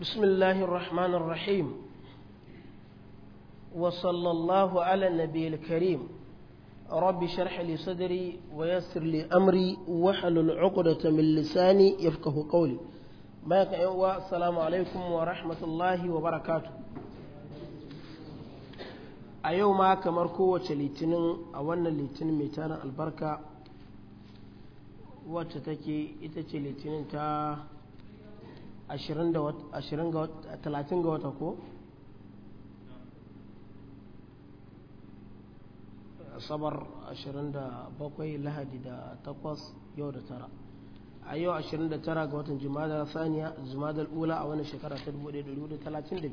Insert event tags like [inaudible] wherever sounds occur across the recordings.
بسم الله الرحمن الرحيم وصلى الله على النبي الكريم رب شرح لي صدري ويسر لي أمري وحلل عقدة من لساني يفقه قولي بارك أيوة السلام عليكم ورحمة الله وبركاته a yau ma kamar kowace litinin a wannan litinin mai tarin albarka wacce take ita ce litinin ta ashirin ga talatin ga wata ko sabar 27 lahadi da takwas yau da tara a yau 29 ga watan jumada saniya jumada ula a wannan shekara ta 1432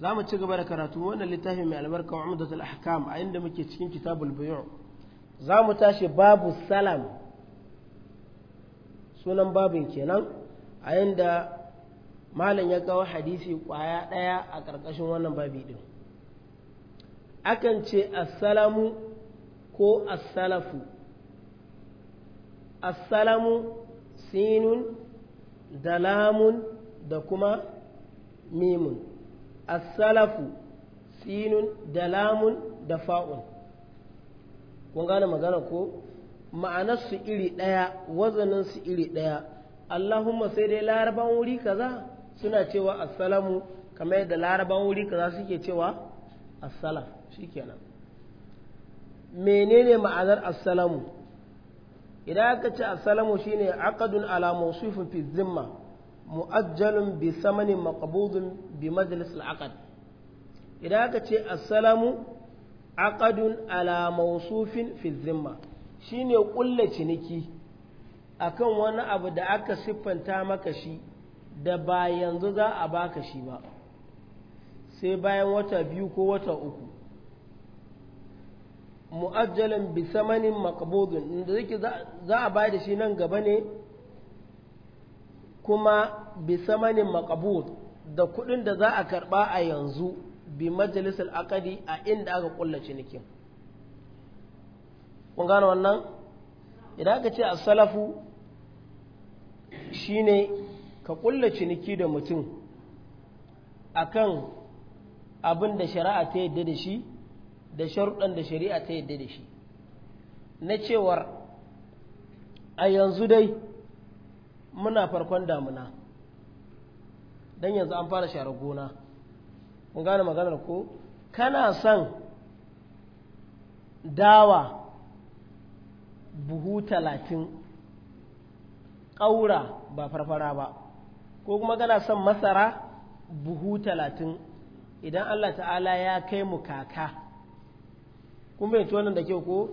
za mu ci gaba da karatu wannan littafin mai albarka wa umdatul ahkam a inda muke cikin kitabul bayu za mu tashi babu salam sunan babin kenan a yanda malam ya kawo hadisi kwaya ɗaya a ƙarƙashin wannan babi ɗin akan ce assalamu ko assalafu assalamu sinun da lamun da kuma mimun assalafu sinun da lamun da fa'un kun gane magana ko ma'anarsu iri ɗaya wazaninsu iri ɗaya Allahumma sai dai laraban wuri kaza suna cewa assalamu kamar yadda laraban wuri kaza suke cewa assalam shikenan menene ma'anar assalamu idan aka ce assalamu shine aqdun ala mawsufin fi zimma mu'ajjalun bi samanin maqbudun bi majlis al'aqad idan aka ce assalamu aqdun ala mawsufin fi zimma shine kullace ciniki akan wani abu da aka siffanta maka shi da ba yanzu za a baka shi ba sai bayan wata biyu ko wata uku mu'ajjalan bi samanin maqbudun inda zai za a bayar da shi nan gaba ne kuma bi samanin maqbud da kuɗin da za a karɓa a yanzu bi majalisar akadi a inda aka kulla cinikin kun gane wannan idan aka ce a salafu Shi ne ka ƙulla ciniki da mutum a kan abin da shari'a ta yadda da shi da sharuɗan da shari'a ta yadda da shi na cewar a yanzu dai muna farkon damuna don yanzu an fara share gona mun gane maganar ko kana son dawa buhu talatin ƙaura ba farfara ba ko kuma kana son masara buhu talatin idan Allah ta'ala ya kai mu kaka kuma yanci wannan da kyau ko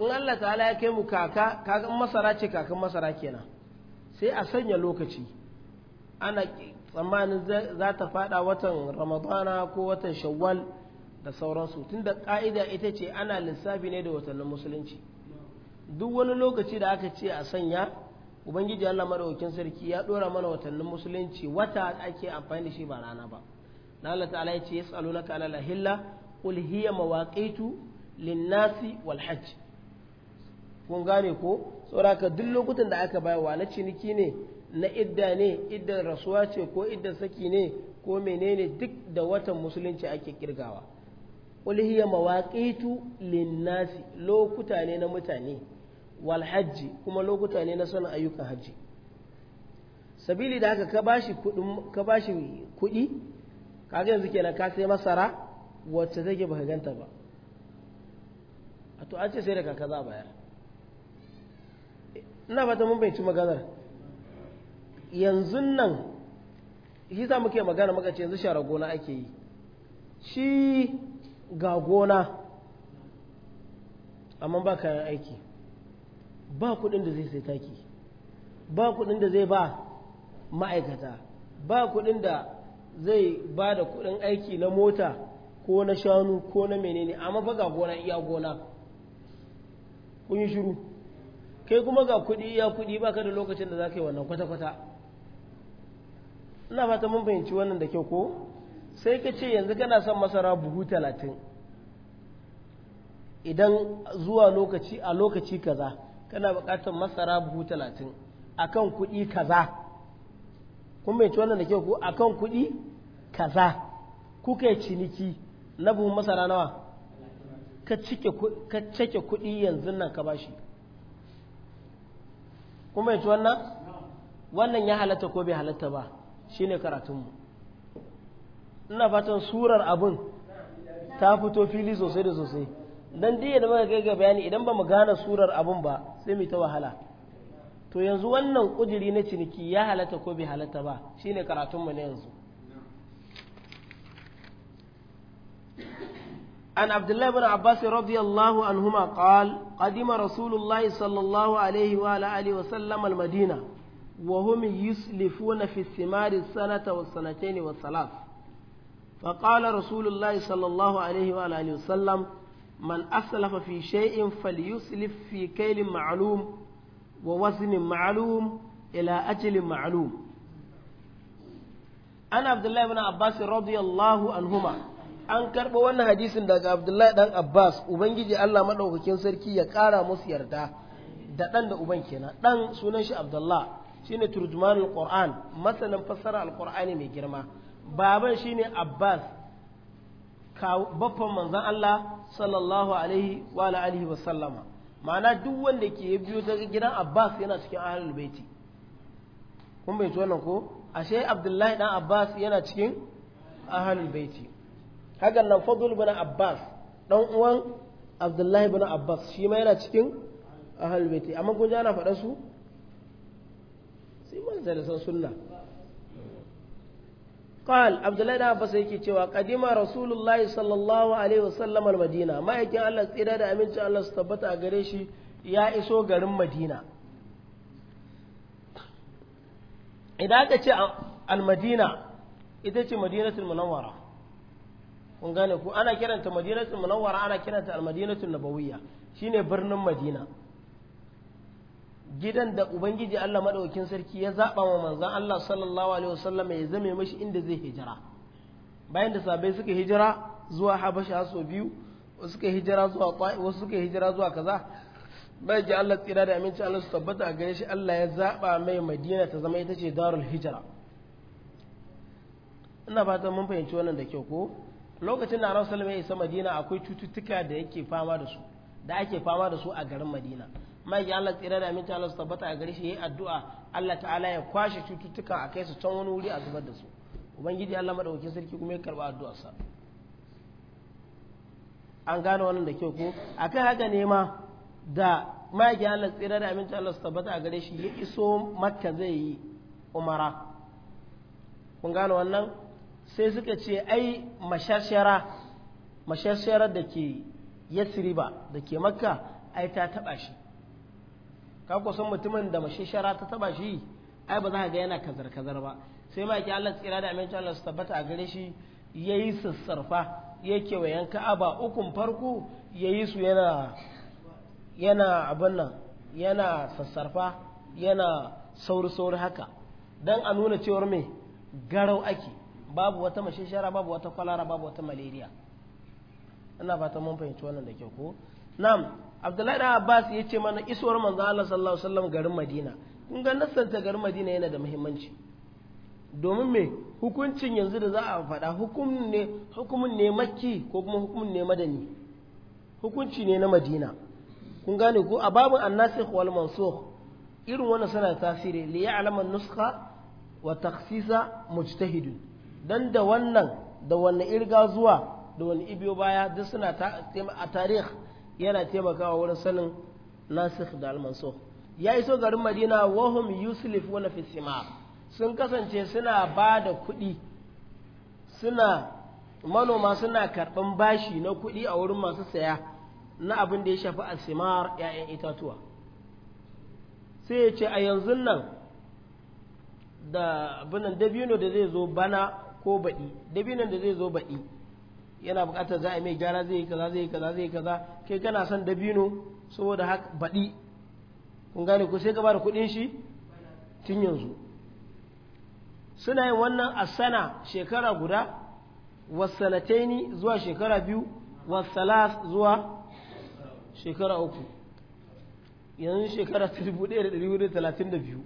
in Allah ta'ala ya kai mu kaka kakan masara ce kakan masara kenan sai a sanya lokaci ana tsammanin za ta fada watan ramadana ko watan shawwal da sauransu tunda ƙa'ida ita ce ana lissafi ne da watannin musulunci duk wani lokaci da aka ce a sanya ubangiji Allah madaukakin sarki ya dora mana watannin musulunci wata ake amfani da shi ba rana ba na Allah ta'ala ya ce yas'alunaka ala lahilla qul hiya mawaqitu lin wal hajj kun gane ko ka duk lokutan da aka wa na ciniki ne na idda ne iddan rasuwa ce ko iddan saki ne ko menene duk da watan musulunci ake kirgawa qul hiya linnasi lokuta ne na mutane walhajji kuma lokuta ne na sanin ayyukan hajji sabili da haka ka bashi shi kuɗi kaga yanzu kenan ka sai masara wacce take baka ganta ba a to an ce sai da kaka za a bayar ina fata mun bai ci maganar yanzu nan shi za muke magana muka ce yanzu share gona ake yi shi ga gona amma ba kayan aiki ba kuɗin da zai sai taki ba kuɗin da zai ba ma'aikata ba kuɗin da zai ba da kuɗin aiki na mota ko na shanu ko na menene amma fa ga gona iya gona kun yi shiru kai kuma ga kuɗi iya kuɗi ba ka da lokacin da za ka yi wannan kwata-kwata ina fata mun fahimci wannan da kyau ko sai ka ce yanzu kana son masara buhu talatin idan zuwa lokaci a lokaci kaza kana buƙatar masara buhu talatin a kan kuɗi kaza kun mace wannan da ke ku a akan kuɗi kaza kuka yi ciniki na buhun masara nawa ka cike kuɗi yanzu nan ka bashi kun mace wannan wannan ya halatta ko bai halatta ba shi shine karatunmu ina fatan surar abin ta fito fili sosai da sosai dan duk da muka kai ga bayani idan bamu gane surar abun ba sai mu ta wahala to yanzu wannan kujiri na ciniki ya halata ko bai halata ba shine karatun mu na yanzu an abdullahi ibn abbas radiyallahu anhuma qal qadima rasulullah sallallahu alaihi wa wa sallam al madina wa hum sanata wa sanatayn wa salat فقال رسول الله صلى man aslafa fi shay'in falyuslif fi kailin ma'lum wa waznin ma'lum ila ajalin ma'lum ana abdullahi ibn abbas radiyallahu anhuma an karɓo wannan hadisin daga abdullahi ɗan abbas ubangiji allah maɗaukakin sarki ya ƙara musu yarda da ɗan da uban kenan ɗan sunan shi abdullah shine turjumanul qur'an masanin fassara alqur'ani mai girma baban shine abbas baffan manzan Allah sallallahu alaihi wa alihi wa sallama ma'ana duk wanda ke biyo daga gidan Abbas yana cikin ahlul baiti kun bai ji wannan ko ashe Abdullahi dan Abbas yana cikin ahlul baiti hakan nan Fadl bin Abbas dan uwan Abdullahi bin Abbas shi ma yana cikin ahlul baiti amma kun ji ana faɗa su sai mun sunna قال عبد الله بن عباس yake cewa qadima rasulullahi sallallahu alaihi wasallam almadina ma'aikin Allah tsira da amincin Allah su tabbata a gare shi ya iso garin Madina idan aka ce madina ita ce madinatul munawwara kun gane ku ana kiranta madinatul munawwara ana kiranta al almadinatul nabawiyya shine birnin Madina gidan da ubangiji Allah maɗaukin sarki ya zaba wa manzon Allah sallallahu alaihi wasallam ya zame mashi inda zai hijira bayan da sabai suka hijira zuwa Habasha so biyu suka hijira zuwa Ta'if wasu suka hijira zuwa kaza bayan ji Allah tsira da aminci Allah su tabbata a gare shi Allah ya zaba mai Madina ta zama ita ce darul hijira ina fatan mun fahimci wannan da kyau ko lokacin da Annabi sallallahu alaihi wasallam ya isa Madina akwai cututtuka da yake fama da su da ake fama da su a garin Madina maki Allah tsira da aminci Allah su tabbata a gare shi yayi addu'a Allah ta'ala ya kwashe cututtuka a kai su can wani wuri a zubar da su ubangiji Allah madaukakin sarki kuma ya karba addu'arsa. sa an gano wannan da kyau ko akan haka ne ma da maki Allah tsira da aminci Allah su tabbata a gare shi ya iso Makka zai yi umara kun gano wannan sai suka ce ai mashashara mashashara da ke yasriba da ke makka ai ta taba shi ka kusan mutumin da shara ta taba shi ai ba za ka ga yana kazar kazar ba sai ma ki Allah tsira da amincin Allah su tabbata a gare shi yayi sassarfa yake wayan ka'aba ukun farko yayi su yana yana abin nan yana sassarfa yana sauri sauri haka dan a nuna cewar me garau ake babu wata shara babu wata kwalara babu wata malaria ina fata mun fahimci wannan da kyau ko na'am abdullahi da abbas ya ce mana isuwar manzo Allah sallallahu alaihi wasallam garin madina kun ga ta garin madina yana da muhimmanci domin me hukuncin yanzu da za a faɗa hukumin ne hukumin ne makki ko kuma hukumin ne madani hukunci ne na madina kun gane ko a babu annasikh wal mansukh irin wannan suna tasiri li ya'lama nuskha wa takhsisa mujtahidun dan da wannan da wannan irga zuwa da wani ibiyo baya duk suna a tarihi. yana taimakawa wurin sanin nasikh da almansu ya iso garin madina wahum yuslif wani fisima sun kasance suna ba da kuɗi suna manoma suna karɓan bashi na kuɗi a wurin masu saya na abin da ya shafi alsimar 'ya'yan itatuwa sai ya ce a yanzu nan da abinan dabino da zai zo bana ko baɗi dabino da zai zo baɗi yana buƙatar za a mai gyara zai yi kaza zai yi kaza zai yi kaza kai kana son dabino saboda haka baɗi kun gane ko sai ka ba da kuɗin shi tun yanzu suna yin wannan a sana shekara guda wasalataini zuwa shekara biyu wasalas zuwa shekara uku yanzu shekara ta dubu ɗaya da ɗari hudu talatin da biyu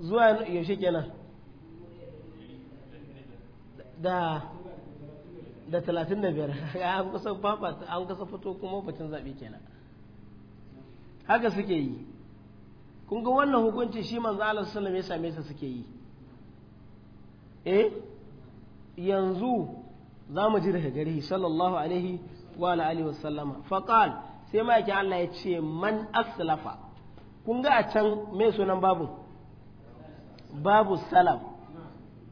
zuwa yaushe kenan da da talatin da biyar [laughs] an kusa an kusa fito kuma batun zaɓe kenan haka suke yi kun ga wannan hukunci shi manzo Allah sallallahu ya same sa suke yi eh yanzu za mu ji daga gare sallallahu alaihi wa alihi wa sallama faqal sai ma yake Allah ya ce man aslafa kun ga a can me sunan babu babu salam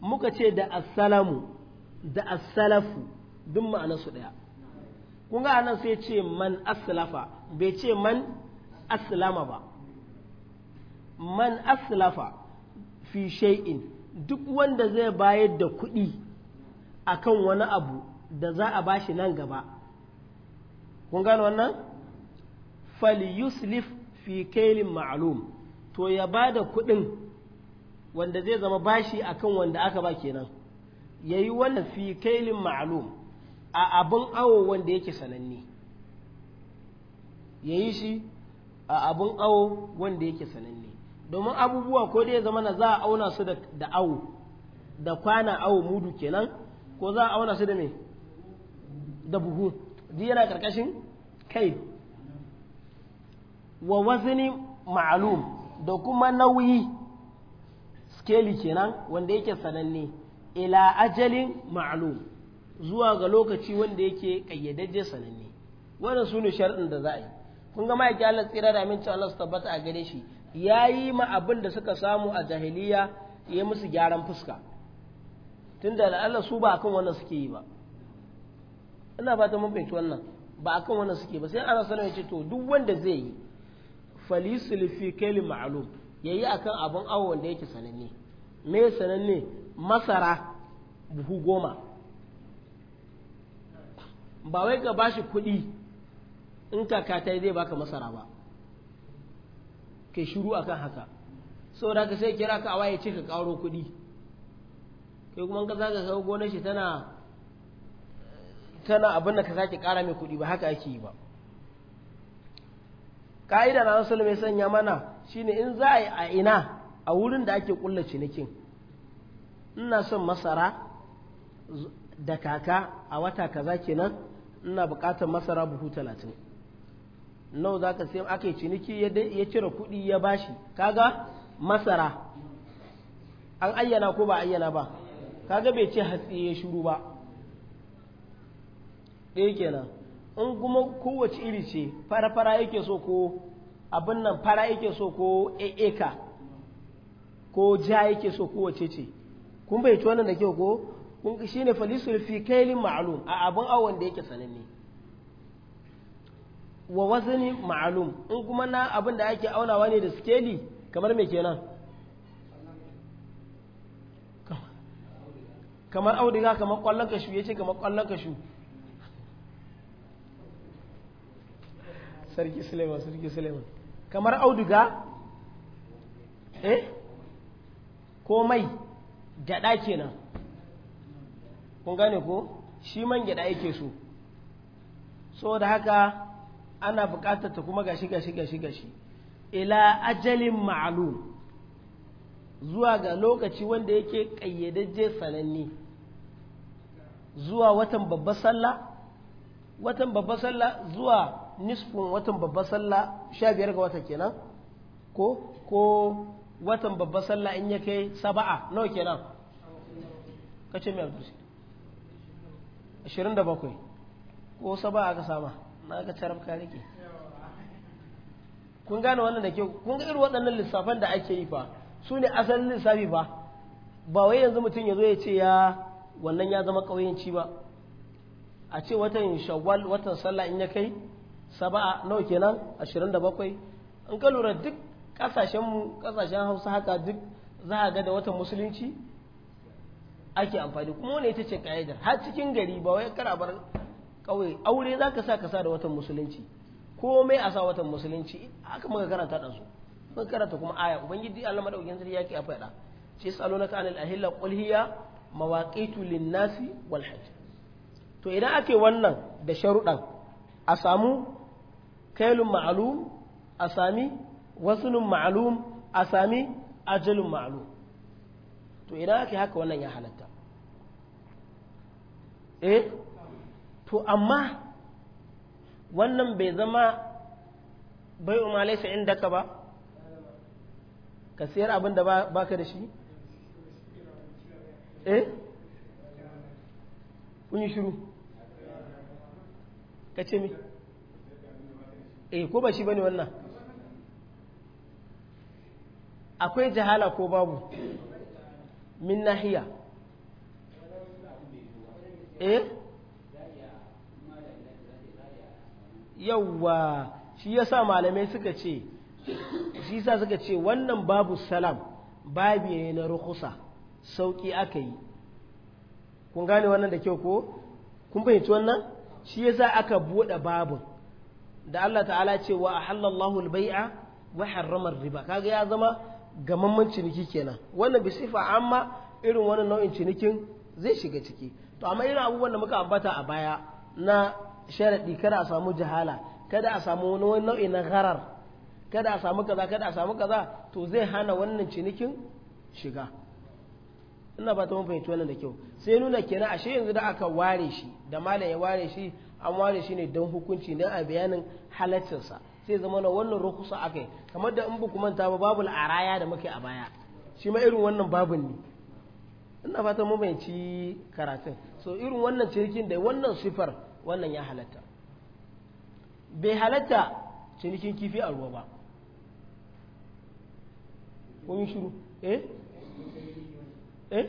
muka ce da assalamu da assalafu duk ma'anar su ɗaya kun ga anan sai ce man aslafa bai ce man aslama ba man aslafa fi shay'in duk wanda zai bayar da kuɗi akan wani abu da za a bashi nan gaba kun gano wannan falyuslif fi kailin ma'lum to ya ba da kuɗin wanda zai zama bashi akan wanda aka ba kenan yayi wannan fi kailin ma'lum a abin awo wanda yake sananne ya yi shi a abin awo wanda yake sananne domin abubuwa ko dai zama na za a auna su da awo da kwana awo mudu kenan ko za a auna su da me da buhu ji yana karkashin kai wa wazini ma'alum da kuma nauyi skeli kenan wanda yake sananne ila ajalin ma'alum zuwa ga lokaci wanda yake kayyadajje sananne wannan su ne da za a yi kun ga ma'aiki Allah tsira da amincin Allah su tabbata a gare shi ya yi ma abin da suka samu a jahiliya ya musu gyaran fuska tunda da Allah su ba akan wannan suke yi ba ina fata mun fahimci wannan ba akan wannan suke ba sai ana sanar alaihi to duk wanda zai yi falisul fi kalim ma'lum yayi akan abun awo da yake sananne me sananne masara buhu goma ba wai ka bashi kuɗi in kakata zai baka masara ba Ka shiru akan haka saboda ka sai kira ka awaye ce ka ƙaro kuɗi kai kuma ka zaka kawo gonar shi tana tana abin da ka sake kara mai kuɗi ba haka ake yi ba ka'ida na wasu mai sanya mana shine in za a yi a ina a wurin da ake kulla cinikin ina son masara da kaka a wata kaza kenan ina buƙatar masara buhu talatin nau za ka sai aka yi ciniki ya cire kuɗi ya bashi kaga masara an ayyana ko ba ayyana ba kaga bai ce hatsi ya shuru ba ɗaya eh kenan in kuma kowace iri ce fara-fara yake so ko abin nan fara yake so ko eka ko ja yake so kowace ce kun bai ci wannan da kyau ko kun shine falisul fi kailin ma'lum a abin awon da yake sananne wa wazani ma'lum in kuma na abin da ake aunawa ne da skeli kamar me kenan kamar auduga kamar kwallon kashu ya ce kamar kwallon kashu sarki suleiman sarki suleiman kamar auduga eh ko mai gyaɗa kenan kun gane ko shi man gyaɗa yake so saboda haka ana buƙatar ta kuma gashi gashi gashi gashi ila ajalin ma'alum zuwa ga lokaci wanda yake ƙayyadajje sananne zuwa watan babbar sallah watan babbar sallah zuwa nisfin watan babbar sallah sha biyar ga wata kenan ko ko watan babbar sallah in ya kai saba'a nawa kenan kace mai ashirin da bakwai ko saba aka sama na ga carab ka rike kun gane wannan da ke kun ga irin waɗannan lissafan da ake yi fa su ne asalin lissafi fa ba wai yanzu mutum ya zo ya ce ya wannan ya zama ƙauyenci ba a ce watan shawwal watan sallah in ya kai saba'a nawa kenan 27 in ka lura duk kasashenmu kasashen hausa haka duk za a ga da watan musulunci ake amfani kuma wani ita ce ka'idar har cikin gari ba wai a bar kawai aure za ka sa ka sa da watan musulunci komai a sa watan musulunci haka muka karanta da su muka karanta kuma aya ubangiji Allah madaukakin sarki yake a faɗa ce ka anil ahilla qul hiya mawaqitu lin-nasi wal hajj to idan ake wannan da sharuɗan a samu kailun ma'lum a sami wasunun ma'lum a sami ajalun ma'lum to idan ake haka wannan ya halatta eh to amma wannan bai zama bai umar laisa inda ka ba ka siyar abin da ba ka da shi eh kun yi shiru ka ce mi eh ko ba shi bane wannan akwai jahala ko babu min nahiya eh yawwa shi sa malamai suka ce shi sa suka ce wannan babu salam babi ne na rukusa sauƙi aka yi kun gane wannan da kyau ko kun fahimci wannan shi ya sa aka buɗe babun da Allah ta'ala ce wa ahallallahu al-bai'a wa riba kaga ya zama gamamman ciniki kenan wannan bisifa amma irin wannan nau'in cinikin zai shiga ciki to amma irin abubuwan da muka ambata a baya na sharaɗi kada a samu jihala kada a samu wani nau'i na gharar kada a samu kaza kada a samu kaza to zai hana wannan cinikin shiga ina ba ta mun fahimci wannan da kyau sai nuna kenan ashe yanzu da aka ware shi da malam ya ware shi an ware shi ne don hukunci ne a bayanin halaccinsa sai zama na wannan rukusa akai kamar da in ba manta ba babul araya da muke a baya shi ma irin wannan babun ne ina fata mu ci karatun so irin wannan cinikin da wannan sifar wannan ya halatta bai halatta cinikin kifi a ruwa ba kun shiru eh eh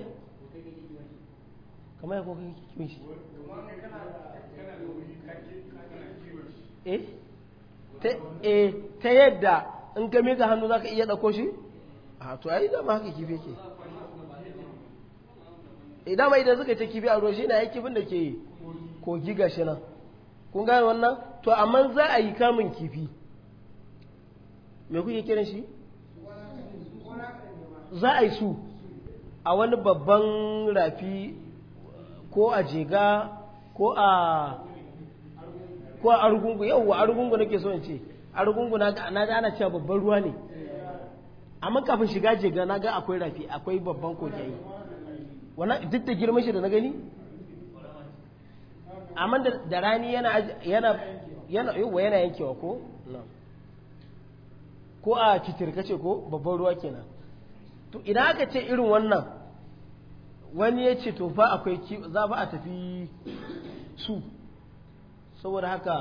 kamar ya koka kiwon shi eh? eh ta yadda in ka miƙa hannu za ka iya ɗauko shi a ah, to ai dama haka kifi ke dama idan suka ce kifi a ruwa shi na ya kifin da ke kogi ga shi nan kun gane wannan to amma za a yi kamun kifi me kuke kiran shi za a yi su a wani babban rafi ko a jega ko a ko a argungu yawwa argungu nake so in ce argungu na ga ana cewa babban ruwa ne amma kafin shiga jega na ga akwai rafi akwai babban kogi wannan duk da girman shi da na gani amma da rani yana yana yana yana yankewa ko ko a kitirka ce ko babban ruwa kenan to idan aka ce irin wannan wani ya ce to fa akwai za ba a tafi su saboda haka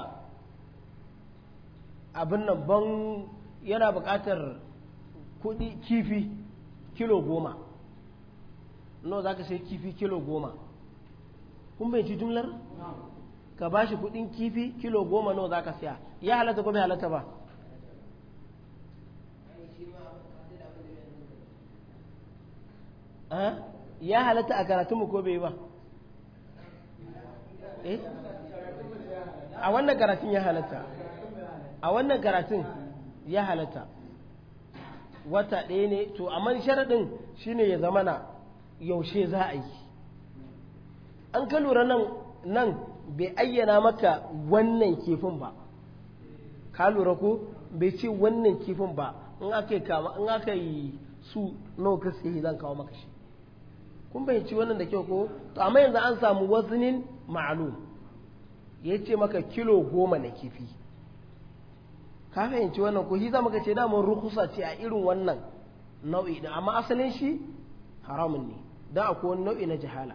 abin nan ban yana buƙatar kuɗi kifi kilo goma no za ka sai kifi kilo goma kun bai ci jumlar ka ba shi kudin kifi kilo goma nawa za ka siya ya halatta ko bai halatta ba ya halatta a karatunmu ko bai ba eh? a wannan karatun ya halatta a wannan karatun ya halatta wata ɗaya ne to amma sharaɗin shine ya zamana yaushe za a yi an ka lura nan bai ayyana maka wannan kifin ba ka lura ko bai ce wannan kifin ba in aka yi kama in aka yi su nawa ka yi zan kawo maka shi kun ci wannan da kyau ko to amma yanzu an samu wazinin ma'alu ya ce maka kilo goma na kifi ka fahimci wannan ko shi za maka ce damar rukusa ce a irin wannan nau'i din amma asalin shi haramun ne da akwai nau'i na jihala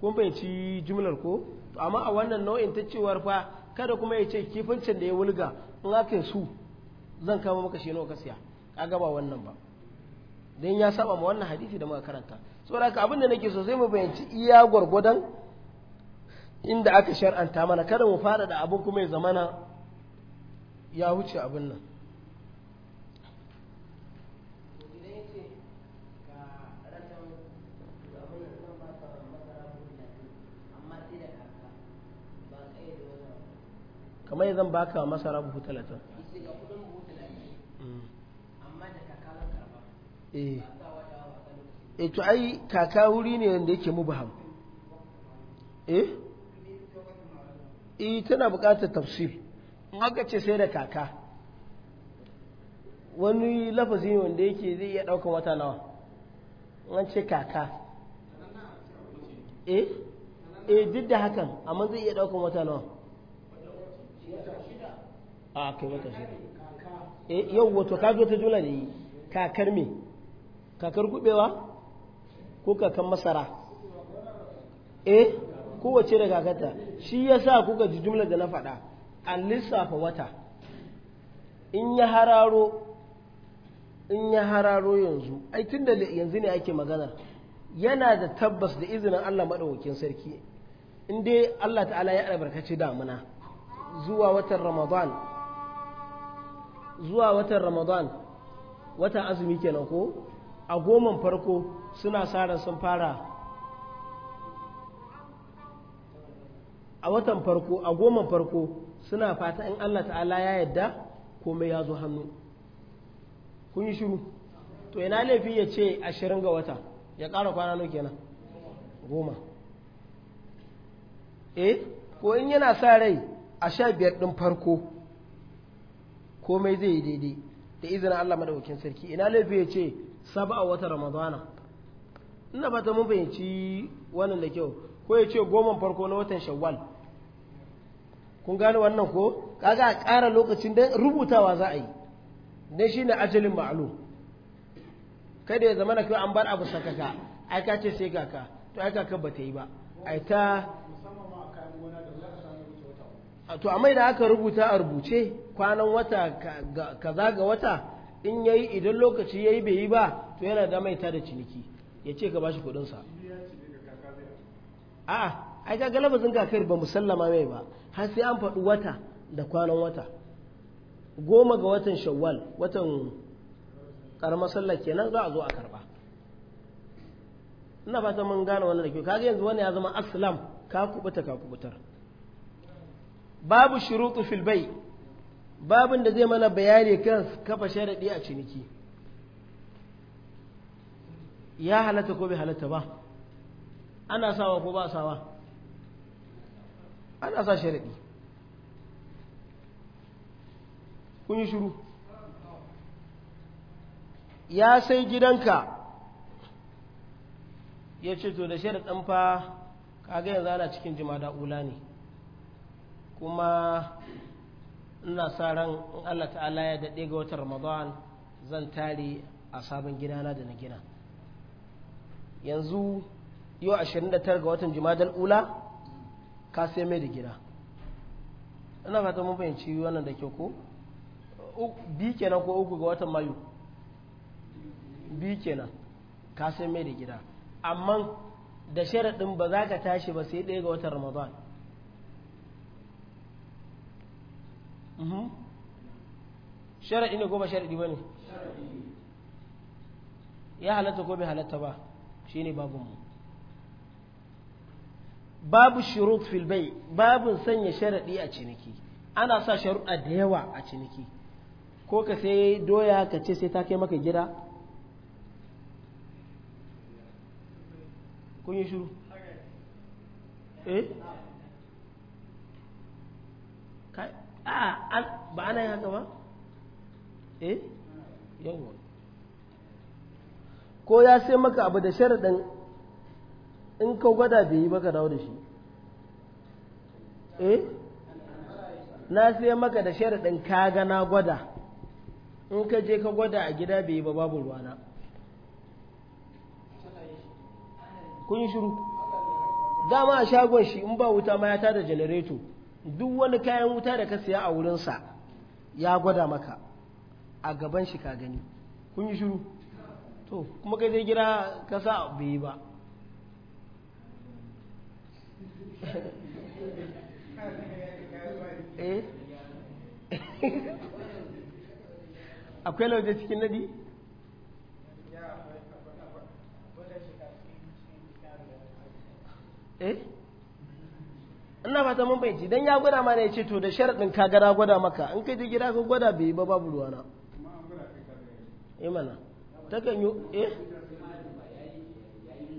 kun fahimci jumlar ko to amma a wannan nau'in ta cewar fa kada kuma ya ce kifincin da ya wulga in aka su zan kama maka shi nawa ka siya a gaba wannan ba don ya saba ma wannan hadisi da muka karanta saboda haka abin da nake so sai mu fahimci iya gwargwadon inda aka shar'anta mana kada mu fara da abin kuma ya zamana ya wuce abin nan kamar zan baka masara buhu talatin eh to ai kaka wuri ne wanda yake mubaham eh eh tana bukatar tafsir in aka ce sai da kaka wani lafazi wanda yake zai iya ɗaukar wata nawa an ce kaka eh eh duk da hakan amma zai iya ɗaukar wata nawa a kai wata shida eh, yau wato ka zo ta jula da yi kakar me kakar gubewa ko kakan masara eh kowace da kakata shi ya sa kuka ji jumla da na faɗa an lissafa wata in ya hararo in ya hararo yanzu ai tun da yanzu ne ake magana yana da tabbas da izinin Allah maɗaukakin sarki in dai Allah ta'ala ya albarkaci damuna zuwa watan ramadan zuwa watan ramadan watan azumi kenan ko a goman farko suna sara sun fara a watan farko a goman farko suna fata in Allah ta'ala ya yadda komai ya zo hannu kun yi shiru to ina laifin ya ce ashirin ga wata ya ƙara kwana nawa kenan goma eh ko in yana sa rai a sha biyar ɗin farko komai zai yi daidai da izinin Allah madaukakin sarki ina laifi ya ce saba a wata ramadana ina ta mun fahimci wannan da kyau ko ya ce goma farko na watan shawwal kun gane wannan ko kaga a ƙara lokacin da rubutawa za a yi shi ne ajalin ma'lum kada ya zama na kai an bar abu sakaka ai ka ce sai kaka to ai kaka ba ta yi ba ai ta to amma da aka rubuta a rubuce kwanan wata kaza ga wata in yayi idan lokaci yayi bai yi ba to yana da mai ta da ciniki ya ce ka bashi kudin sa a'a a ga galabazin kakar ba musallama mai ba har sai an faɗi wata da kwanan wata goma ga watan shawwal watan ƙaramar sallah kenan za a zo a karɓa. ina fata mun gane wannan da kyau kaga yanzu wani ya zama aslam ka kubuta ka kubutar babu shuruɗu fil bai babin da zai mana bayani kan kafa sharaɗi a ciniki ya halatta ko bai halatta ba ana sawa ko ba sawa ana sa sharaɗi kun yi shuru ya sai gidanka ya ce to da sharaɗin fa kaga yanzu ana cikin jima da'ula ne kuma ina sa ran in Allah ta'ala ya daɗe ga watan Ramadan zan tare a sabon gidana da na gina yanzu yau 29 ga watan Jumadal Ula ka sai mai da gida ina fata mun fahimci wannan da ke ko bi kenan ko uku ga watan Mayu bi kenan ka sai mai da gida amma da sharaɗin ba za ka tashi ba sai ɗaya ga watan Ramadan Mhm. sharaɗi ne ko ba sharaɗi ba ne ya halatta ko bai halatta ba shi ne babinmu babu shurut filbai babun sanya sharaɗi a ciniki ana sa sharuɗa da yawa a ciniki ko ka sai doya ka ce sai ta kai maka gida kun yi shuru eh ba'ana ba ana ba eh yawon ko ya sai maka abu da sharaɗin in ka gwada bai yi maka dawo da shi eh na sai maka da sharaɗin ka ga na gwada in ka je ka gwada a gida bai yi ba babu ruwana kun yi shiru dama a shagon shi in ba wuta ma ya tada janareto duk wani kayan wuta da ka siya a wurinsa ya gwada maka a gaban shi ka gani kun yi shiru to kuma kai zai gira kasa bai yi ba [laughs] eh? [laughs] akwai lauje cikin nadi? eh ina fata mun fahimci dan ya gwada mana ya ce to da sharadin ka gara gwada maka in kai je gida ka gwada bai ba babu ruwana eh mana ta kan yi eh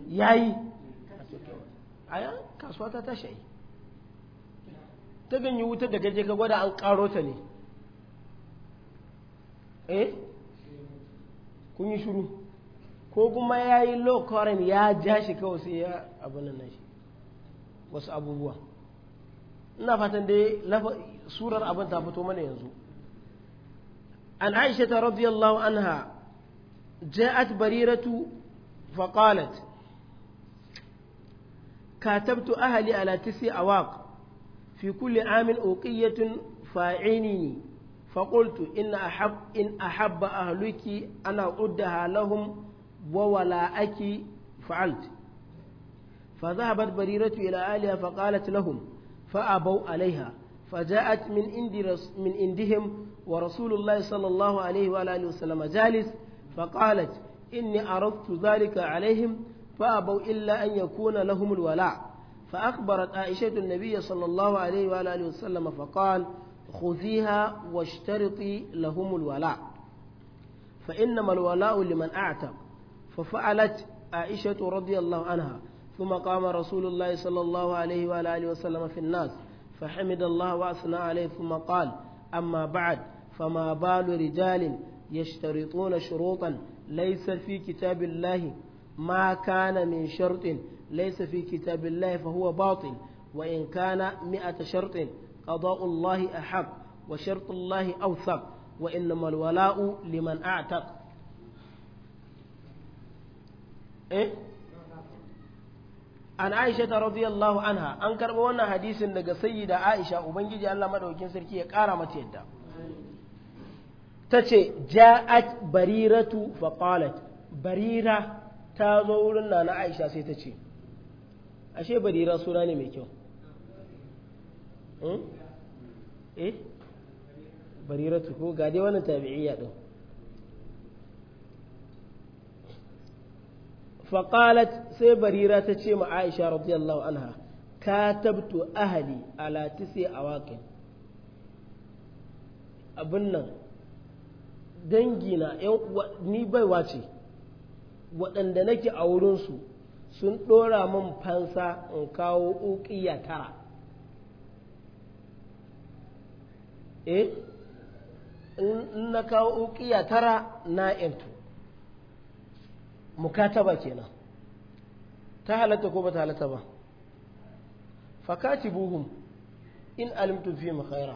yayi aya kasuwa ta tashi ta kan yi wutar da gaje ka gwada an karo ta ne eh kun yi shuru ko kuma yayi low current ya ja shi kawai sai ya abunan nan shi wasu abubuwa ina fatan da dai surar abin ta fito mana yanzu an aisha ta radiyallahu anha ja'at bariratu faqalat katabtu ahli ala a awaq fi kulli amin uqiyatun fa'inini فقلت إن أحب إن ana أهلك أنا أعدها لهم وولا أكي فعلت فذهبت بريرة إلى أهلها فقالت لهم فأبوا عليها فجاءت من عند من عندهم ورسول الله صلى الله عليه وآله وسلم جالس فقالت إني أردت ذلك عليهم فأبوا إلا أن يكون لهم الولاء فأخبرت عائشة النبي صلى الله عليه وآله وسلم فقال خذيها واشترطي لهم الولاء فإنما الولاء لمن أعتق ففعلت عائشة رضي الله عنها ثم قام رسول الله صلى الله عليه وعلى آله وسلم في الناس فحمد الله وأثنى عليه ثم قال أما بعد فما بال رجال يشترطون شروطا ليس في كتاب الله ما كان من شرط ليس في كتاب الله فهو باطل وإن كان مئة شرط قضاء الله أحق وشرط الله أوثق وإنما الولاء لمن أعتق إيه؟ an aisha ta radiyallahu anha an karɓi wannan hadisin daga sayyida aisha ubangiji Allah madaukin sarki ya kara mata yadda ta ce ja'at bariratu qalat barira ta zo wurin nana aisha sai ta ce ashe barira suna ne mai kyau hmm? eh bariratu ko ga dai wannan tabi'iyya din faƙalat sai barira ta ce ma aisha radiyallahu anha ka tabtu ahali ala tisi awakin abin nan dangina ni baiwa ce waɗanda nake a wurinsu sun ɗora mun fansa in kawo uƙiya tara eh na kawo uƙiya tara na ‘yantu mukataba kenan ta halatta ko ba ta halatta ba fakatibuhum in alimtu fi mu khaira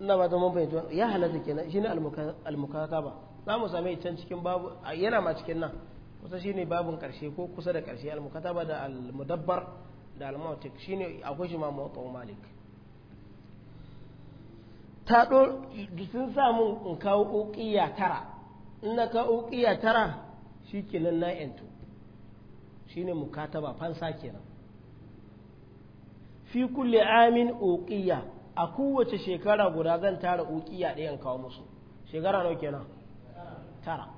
ina ba ta mun bayyana ya halatta kenan shine al-mukataba za mu sami can cikin babu yana ma cikin nan kusa shi ne babun karshe ko kusa da karshe al-mukataba da al da al shi ne akwai shi ma mawqa malik ta ɗo sun samu in kawo uqiya tara in na ka ukiya tara shi kenan na yantu shi ne mukataba fansa kenan fi kulle amin ukiya a kowace shekara guda zan tara ɗaya ɗayan kawo musu shekara nau kenan tara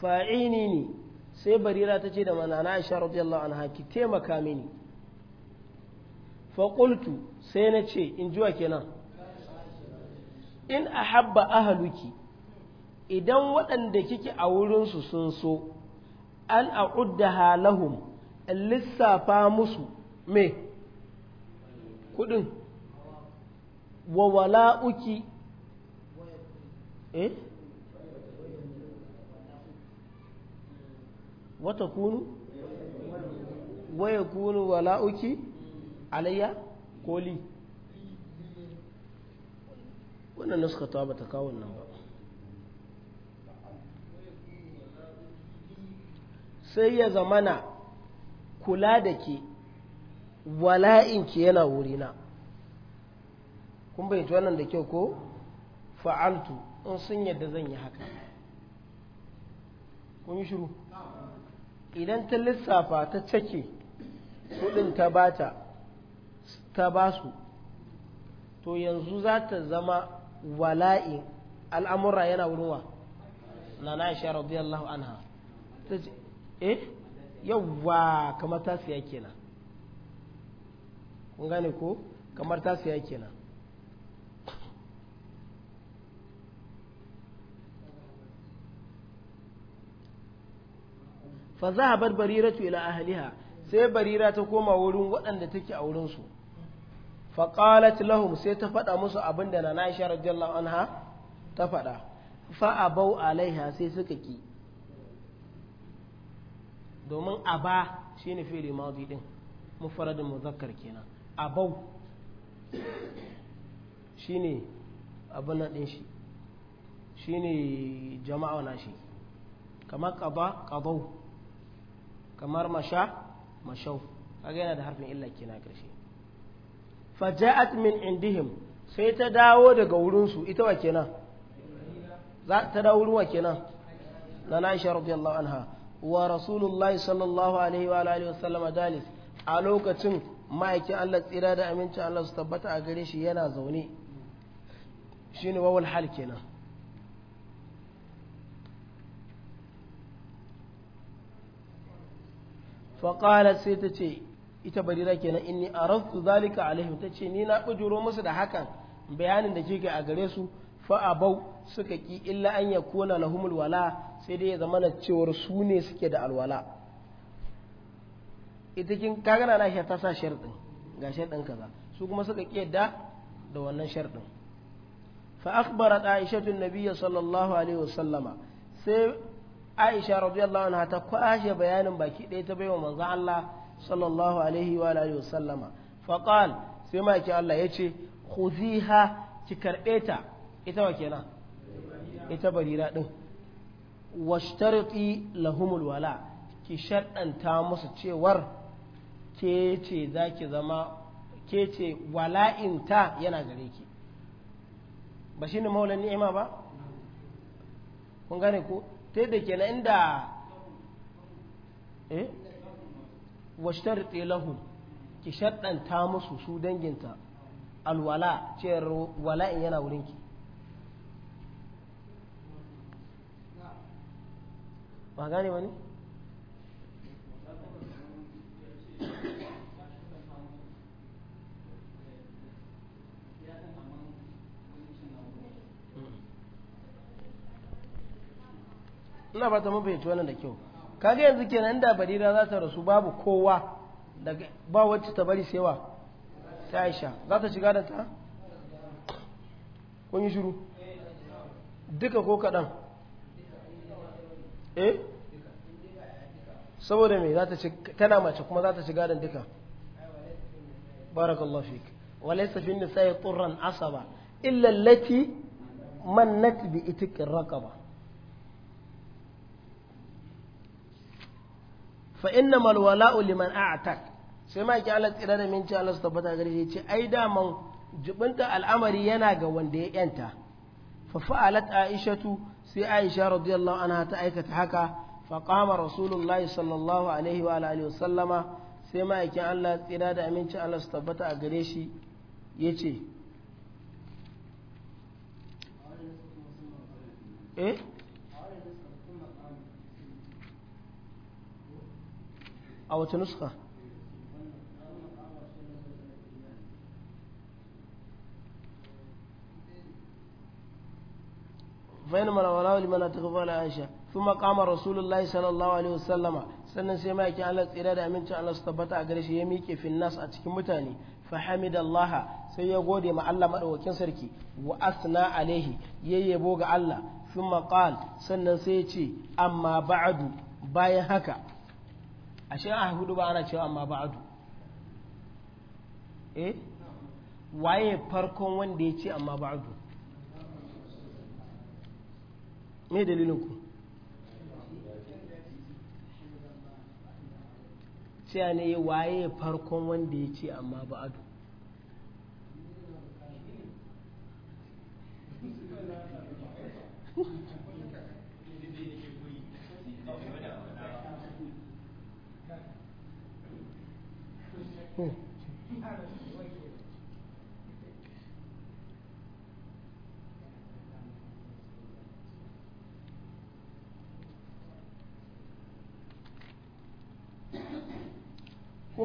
fa'ini ne sai barira ta ce da manana aisha radiyallahu anha ki taimaka mini faƙultu sai na ce in jiwa kenan in a habba ahaluki idan waɗanda kike a wurinsu sun so an a ƙudda halahun lissafa musu me kuɗin wa uki eh wata kunu waya kunu alayya ko li wannan nuska ta ta kawo nan ba sai ya zamana kula da ke ke yana wurina kun bayyanci wannan da kyau ko fa'altu in sun yadda zan yi haka kun yi shiru idan ta lissafa ta cake kudin ta bata ta ba su to yanzu za ta zama wala'i al'amura yana wurinwa na na isha radiyallahu anha ta ce eh yawwa kamar ta siya kenan kun gane ko kamar ta siya kenan fa za a barira tu ila ahaliha sai barira ta koma wurin waɗanda take a wurinsu faƙalat lahum sai ta faɗa musu abin da na Aisha radiyallahu anha ta faɗa fa'abau alaiha sai suka ki domin aba shine fi'li madi din mufradin muzakkar kenan abau shine abin nan din shi shine jama'a na shi kamar qada qadau kamar masha mashau kaga yana da harfin illa kenan karshe faja'at min indihim sai ta dawo daga wurinsu ita wa kenan za ta dawo wurin wa kenan na Aisha radiyallahu anha wa rasulullahi sallallahu alaihi wa alihi wa sallama dalis a lokacin ma'aikin Allah tsira da amincin Allah su tabbata a gare shi yana zaune shine wawal hal kenan فقالت سيتتي ita barira kenan inni aradtu zalika alaihim tace ni na bujuro musu da hakan bayanin da kike a gare su fa abau suka ki illa an yakuna lahumul wala sai dai ya zama na cewar su ne suke da alwala ita kin kaga na lafiya ta sa sharɗin ga sharɗin kaza su kuma suka ki yadda da wannan sharɗin fa akhbara aishatu nabiyya sallallahu alaihi wasallama sai aisha radiyallahu anha ta kwashe bayanin baki ɗaya ta baiwa manzo Allah sallallahu alaihi wa alihi wa sallama faqal sai ma ke Allah yace ha ki karbe ta ita wa kenan ita barira din washtariti lahumul wala ki sharɗanta musu cewar ke ce za ki zama ke ce ta yana gare ki ba shi ne maulani ni'ima ba kun gane ko ta yadda na inda eh Wa washtarti lahum ki ta musu su danginta alwala wala in yana wurinki ba gane ba ina ba ta mafi wannan da kyau kaga yanzu kenan da barira za ta rasu babu kowa daga ba wacce ta bari sewa ta aisha za ta shiga da ta kun yi shiru duka ko kaɗan eh saboda me za ta ci tana mace kuma za ta shiga da duka barakallahu fik safin fi nisa'i turran asaba illa allati mannat bi itiqir raqaba fa inna mal wala'u liman a'tak sai ma ki Allah tsira da ci Allah su tabbata gare shi ce ai da man jibinta al'amari yana ga wanda ya yanta fa fa'alat aishatu sai aisha radiyallahu anha ta aikata haka fa qama rasulullahi sallallahu alaihi wa alihi wa sallama sai ma ki Allah tsira da aminci Allah su tabbata a gare shi yace eh أو نسخة بينما الولاء لمن تغفى لعائشة ثم قام رسول الله صلى الله عليه وسلم sannan sai ma yake Allah tsira da amincin Allah su tabbata a gare shi ya miƙe finnas a cikin mutane fa hamidallaha sai ya gode ma Allah madaukakin sarki wa asna alaihi ya yabo ga Allah thumma qal sannan sai ya ce amma ba'du bayan haka ashe a hudu ba ana cewa amma ba'adu eh waye farkon wanda ya ce amma ba'adu me dalilin ku a ne waye farkon wanda ya ce amma ba'adu Thank you. kun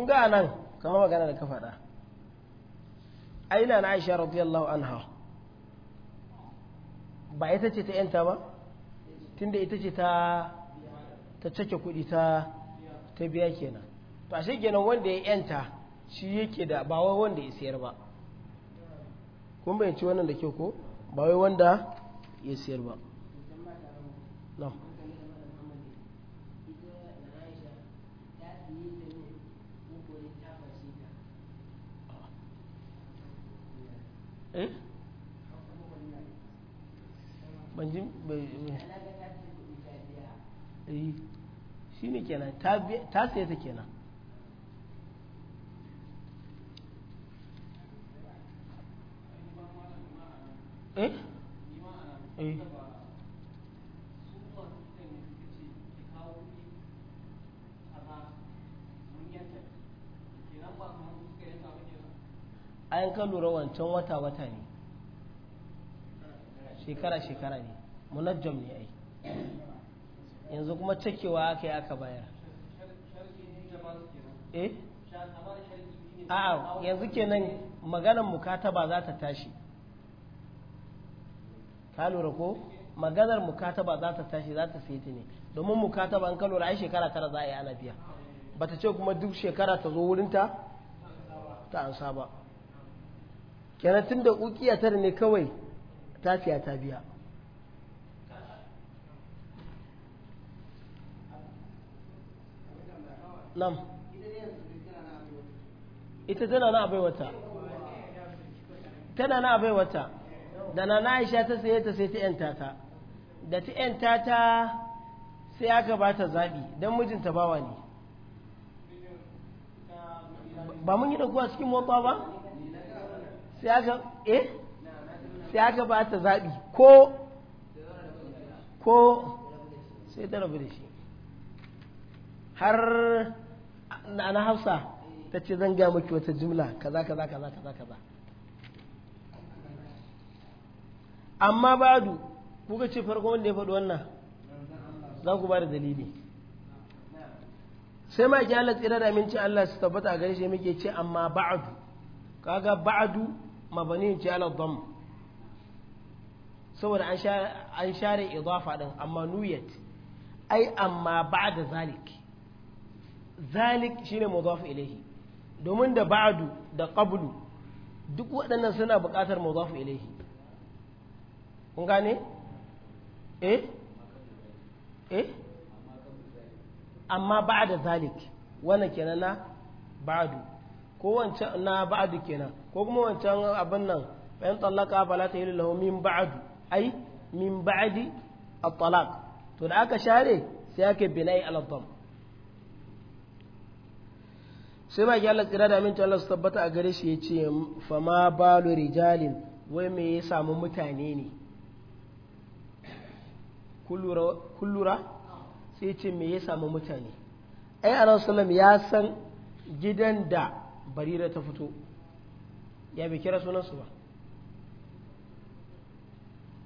ga nan kamar magana da ka faɗa aina na aisha radiyallahu anha ba ita ce ta yanta ba tunda ita ce ta ta kudi kuɗi ta biya kenan to ashe kenan wanda ya yanta shi yake da ba wai wanda ya sayar ba kun bayanci wannan da kyau ko ba wai wanda ya sayar ba na eh? eh shi ne kenan ta sai ta kenan eh eh ayin lura wancan wata-wata ne shekara-shekara ne munajjam ne ai yanzu kuma cakewa aka yi aka bayar eh a yanzu kenan maganan ba za ta tashi ka lura ko maganar mukataba za ta tashi za ta sayi ne domin mukataba an ka lura ai shekara tara za a yi ana biya ba ta ce kuma duk shekara ta zo wurinta ta ansa ba kenan tun da ukiya tara ne kawai tafiya ta biya nam ita tana na abai wata tana na abai wata da na Aisha ta saye ta sai ta ‘yanta ta, da ta ‘yanta ta sai aka ba ta zaɓi don mijinta bawa ne. Ba mun yi da a cikin mota ba? Sai aka, eh? Sai aka ba ta zaɓi ko, ko sai ta rabu da shi. Har na Hausa ta ce zan ga maki wata jimla kaza kaza kaza kaza kaza. amma badu kuka ce farko wanda ya faɗi wannan za ku ba da dalili sai ma kiyala tsira da aminci Allah su tabbata a gare shi muke ce amma ba'du kaga ba'du mabani ce ala dhamm saboda an share an share idafa din amma nuyat ai amma ba'da zalik zalik shine mudaf ilayhi domin da ba'du da qablu duk waɗannan suna buƙatar mudaf ilayhi ngani e eh eh amma ba da zalik wannan kenan na ba'adu ko wancan na ba'adu kenan ko kuma wancan abin nan bayan talaka fala ta yi lahu min ba'adu ai min ba'adi at-talaq to da aka share sai aka bina'i al-dham sai baki Allah tsira da aminci Allah su tabbata a gare shi ya fa ma balu rijalin wai me ya samu mutane ne kullura sai ce me ya samu mutane ai ya san gidan da barira ta fito ya bai kira sunansu ba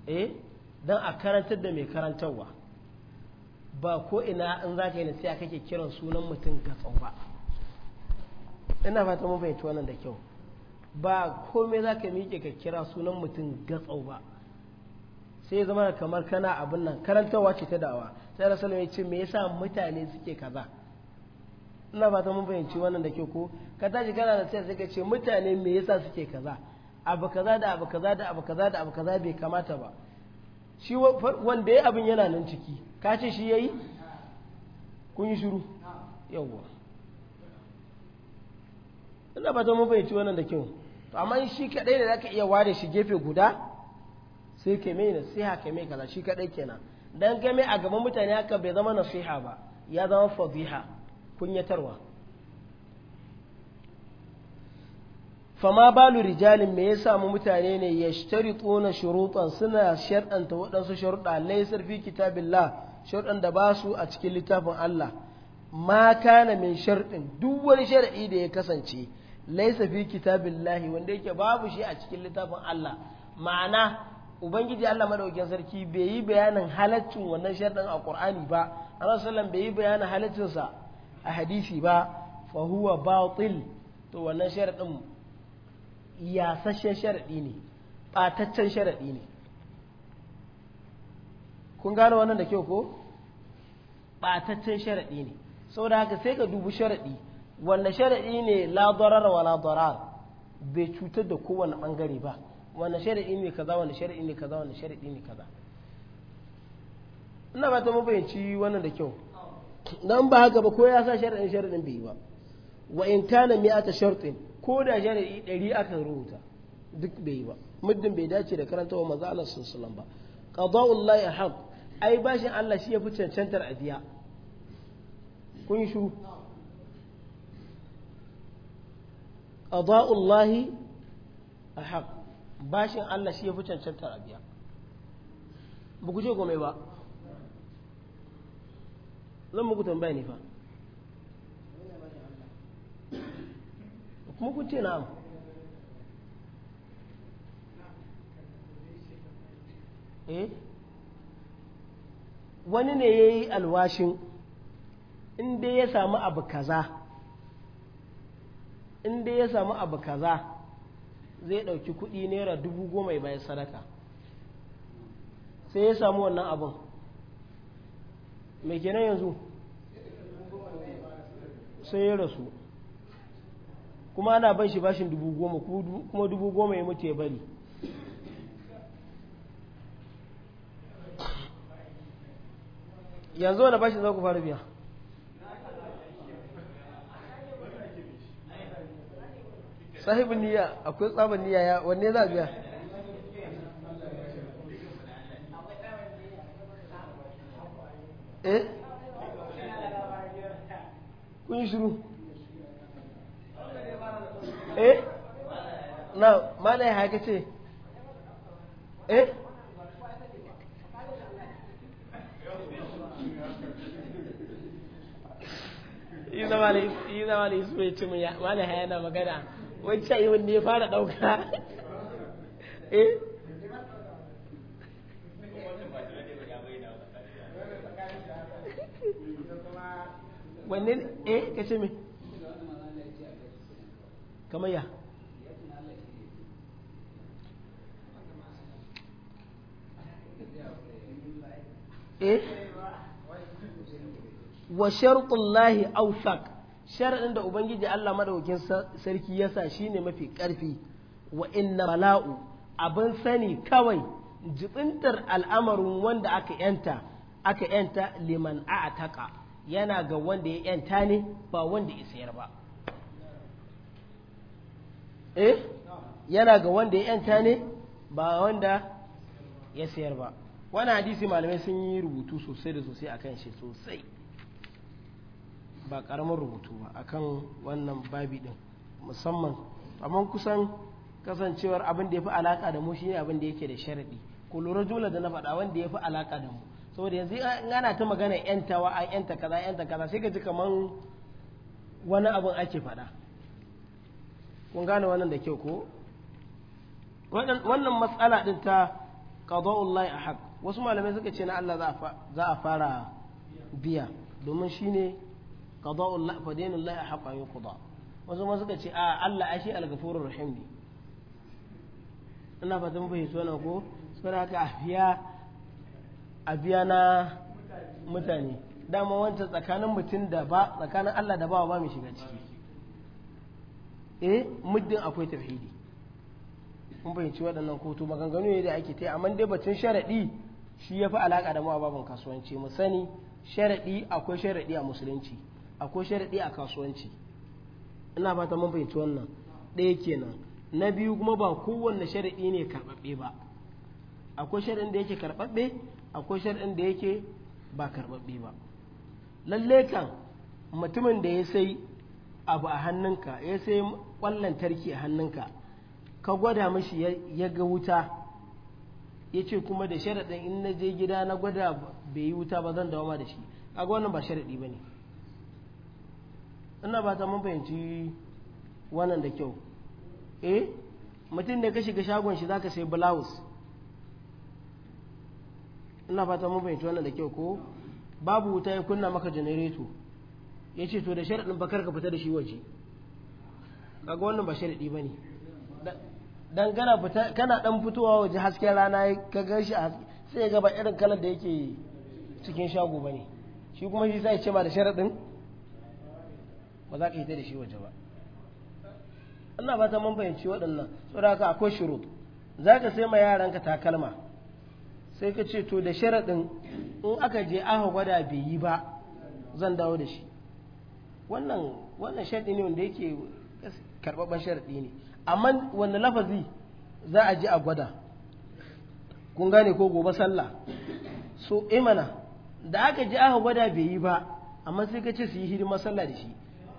eh don a karantar da mai karantarwa ba ko ina in za ka yi nasiya kake kiran sunan mutum ga tsau ba ina fata mun fahimci wannan da kyau ba komai za ka miƙe ka kira sunan mutum tsau ba sai zama kamar kana abin nan karantarwa ce ta da'awa sai rasul ya ce me yasa mutane suke kaza ina fata mun fahimci wannan da ke ko ka tashi kana da sai ka ce mutane me yasa suke kaza abu kaza da abu kaza da abu kaza da abu kaza bai kamata ba shi wanda ya abin yana nan ciki ka ce shi yayi kun yi shiru yawwa ina fata mun fahimci wannan da kyau to amma shi kadai da zaka iya ware shi gefe guda sai ke mai nasiha ke mai kaza shi kadai kenan dan game a gaban mutane haka bai zama nasiha ba ya zama fadiha kunyatarwa Fa ma balu rijalin me yasa samu mutane ne ya shtari tsona shurutan suna sharɗanta waɗansu sharuɗa laisar fi kitabillah sharuɗan da ba su a cikin littafin Allah ma kana min sharɗin duk wani shari'i da ya kasance laisa fi kitabillahi wanda yake babu shi a cikin littafin Allah ma'ana ubangiji Allah madaukakin sarki bai yi bayanin halaccin wannan sharɗin a Qur'ani ba Allah sallam bai yi bayanin sa a hadisi ba fa huwa batil to wannan sharɗin sashen sharaɗi ne ɓataccen sharaɗi ne kun gano wannan da kyau ko ɓataccen sharaɗi ne saboda haka sai ka dubi sharaɗi wanda sharaɗi ne la darar wa la darar bai cutar da kowane ɓangare ba wani sharaɗi ne kaza wani sharaɗi ne kaza wani sharaɗi ne kaza ina ba ta mabayanci wannan da kyau dan ba haka ba ko ya sa sharaɗin sharaɗin bai yi ba wa in kana mi mi'ata shartin ko da sharaɗi ɗari aka rubuta duk bai yi ba muddin bai dace da karanta wa maza Allah sallallahu ba ya haqq ai bashin Allah shi ya fi cancantar a biya kun shu shiru qada'ullahi haqq bashin Allah shi ya fi cancanta a ba ku ce komai ba zan muku tambaya ne fa kuma kun ce amu eh wani ne ya yi alwashin inda ya samu abu kaza inda ya samu abu kaza zai ɗauki kuɗi naira dubu goma ya bayan sadaka sai ya samu wannan abin mai kenan yanzu sai ya rasu kuma ana ban shi bashin dubu goma kuma dubu goma ya mutu ya bari yanzu wani bashin za ku fara biya sahibin niyya akwai tsaban niyya ya wanne za biya eh kun yi shiru eh na malai haka ce eh yi zama da isu mai cimiyya malai haka yana magana wacce iwon ne ya fara dauka eh wanne eh ka ce me kamar ya eh wa sharqullahi awsaq sharaɗin da ubangiji Allah madaukin sarki ya sa shi ne mafi ƙarfi wa inna bala'u abin sani kawai jibintar al'amarin wanda aka yanta aka yanta liman a'taka yana ga wanda ya yanta ne ba wanda ya sayar ba eh yana ga wanda ya yanta ne ba wanda ya sayar ba wani hadisi malamai sun yi rubutu sosai da sosai akan shi sosai ba karamin rubutu ba a kan wannan babi din musamman amma kusan kasancewar abin da ya fi alaka da mu shine abin da yake da sharadi ku lura jumla da na faɗa wanda ya fi alaka da mu saboda yanzu in ana ta magana ƴantawa a yanta kaza yanta kaza sai ka ji kaman wani abin ake faɗa kun gane wannan da kyau ko wannan matsala din ta qada'ullahi ahaq wasu malamai suka ce na Allah za a fara biya domin shine la fa dinullahi haqqan yuqda wasu ma suka ce a Allah a shi ghafurur rahim ne ina fatan fahimci wannan ko sai haka a biya na mutane dama wancan tsakanin mutum da ba tsakanin Allah da bawa ba mai shiga ciki eh muddin akwai tauhidi kun fahimci waɗannan ko kotu maganganu ne da ake ta amma dai batun sharaɗi shi ya fi alaƙa da mu a babin kasuwanci mu sani sharaɗi akwai sharaɗi a musulunci akwai sharaɗi a kasuwanci ina fata mun fahimci wannan ɗaya kenan na biyu kuma ba kowanne sharaɗi ne karɓaɓɓe ba akwai sharaɗin da yake karɓaɓɓe akwai sharaɗin da yake ba karɓaɓɓe ba lalle kan mutumin da ya sai abu a hannunka ya sai ƙwallon tarki a hannunka ka gwada mashi ya ga wuta ya ce kuma da sharaɗin in na je gida na gwada bai yi wuta ba zan dawo ma da shi a wannan ba sharaɗi ba ne ina ba ta mun fahimci wannan da kyau eh mutum da ka shiga shagon shi zaka sai blouse ina ba ta mun fahimci wannan da kyau ko babu wuta ya kunna maka janareto ya ce to da sharaɗin bakar ka fita da shi waje kaga wannan ba sharaɗi ba ne dan kana fita kana dan fitowa waje hasken rana ka ga shi sai ga ba irin kalar da yake cikin shago ba ne shi kuma shi sai ya ce ba da sharaɗin ba za ka ta da shi waje ba Allah ba ta mun bayanci waɗannan saboda haka akwai shurut za ka sai ma yaranka takalma sai ka ce to da sharaɗin in aka je aka gwada bai yi ba zan dawo da shi wannan wannan sharaɗi ne wanda yake karɓaɓɓen sharaɗi ne amma wanda lafazi za a je a gwada kun gane ko gobe sallah so imana eh da aka je aka gwada bai yi ba amma sai ka ce su yi hidima sallah da shi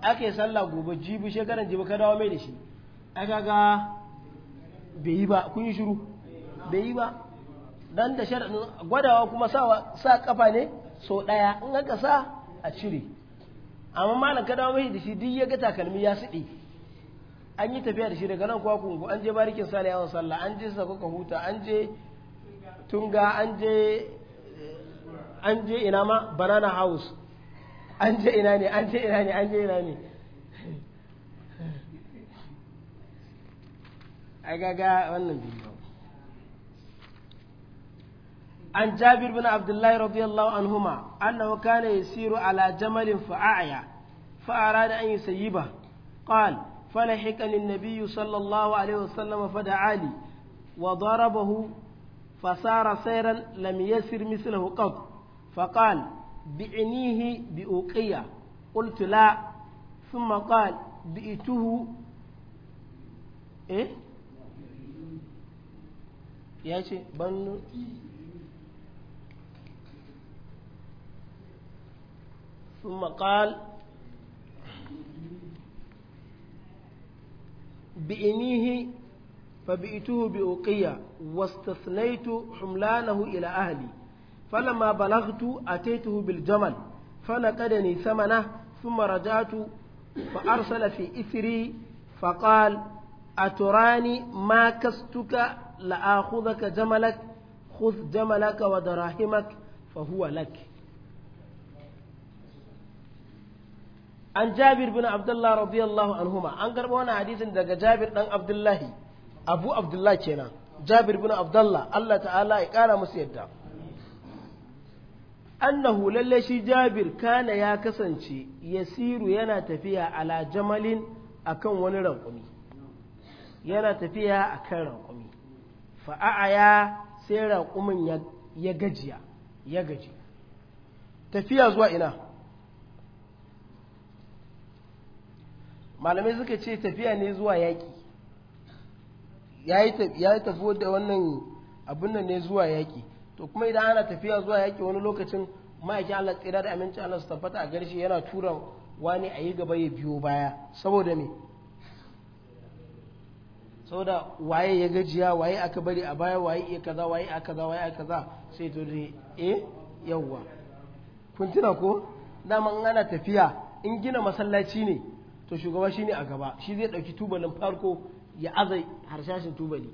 aka yi sallah gobe jibi shekaran jibi ka dawo mai da shi aka ga bai yi ba kun yi shiru bai yi ba dan da sharaɗin gwadawa kuma sa sa kafa ne so ɗaya in aka sa a cire amma malam ka dawo mai da shi duk ya ga takalmi ya siɗi an yi tafiya da shi daga nan kuwa kungu an je barikin sallah yawon sallah an je sako ka huta an je tunga an je an je ina ma banana house an je ina ne an je ina ne an je ina ne a gaga wannan bidiyo an jabir bin abdullahi radiyallahu anhuma annahu kana yasiru ala jamalin fa'aya فأراد أن يسيبه قال فلحقني النبي صلى الله عليه وسلم فدعا لي وضربه فصار سيرا لم يسر مثله قط فقال بعنيه بأوقية قلت لا ثم قال بئته إيه يا شيء بن ثم قال بإنيه فبئته بأوقية واستثنيت حملانه إلى أهلي فلما بلغت أتيته بالجمل فنقدني ثمنه ثم رجعت فأرسل في إثري فقال أتراني ما كستك لآخذك جملك خذ جملك ودراهمك فهو لك عن جابر بن عبد الله رضي الله عنهما أن قربونا حديث دقى جابر بن عبد الله أبو عبد الله كنا جابر بن عبد الله الله تعالى قال مسيدا annahu للشي shi jabir kana ya kasance yasiru yana tafiya جمل jamalin akan wani تفيا yana tafiya فأعيا raƙumi fa'a'aya sai raƙumin ya gajiya tafiya malamai suka ce tafiya ne zuwa yaƙi ya yi tafi da wannan abin nan ne zuwa yaki. to kuma idan ana tafiya zuwa yaƙi wani lokacin ma'aikin Allah tsira da amincin Allah su tabbata a garshi yana tura wani a yi gaba ya biyo baya saboda me saboda waye ya gajiya waye aka bari a baya waye iya kaza waye aka kaza waye aka kaza sai to dai eh yawwa kun tuna ko dama in ana tafiya in gina masallaci ne to shugaba shine a gaba shi zai dauki tubalin farko ya azai harshashin tubali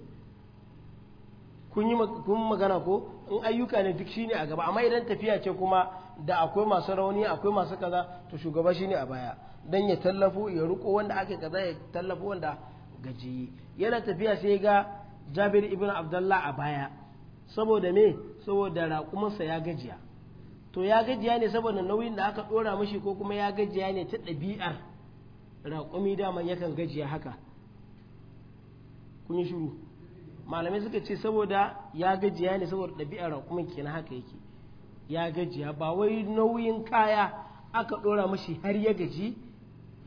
kun yi kun magana ko in ayyuka ne duk shine a gaba amma idan tafiya ce kuma da akwai masu rauni akwai masu kaza to shugaba shine a baya dan ya tallafo ya riko wanda ake kaza ya tallafo wanda gaji yana tafiya sai ga Jabir ibn Abdullah a baya saboda me saboda raƙumarsa ya gajiya to ya gajiya ne saboda nauyin da aka ɗora mishi ko kuma ya gajiya ne ta ɗabi'ar raƙumi daman yakan gajiya haka kun yi shiru malamai suka ce saboda ya gajiya ne saboda ɗabi'ar ke na haka yake ya gajiya ba wai nauyin kaya aka ɗora mashi har ya gaji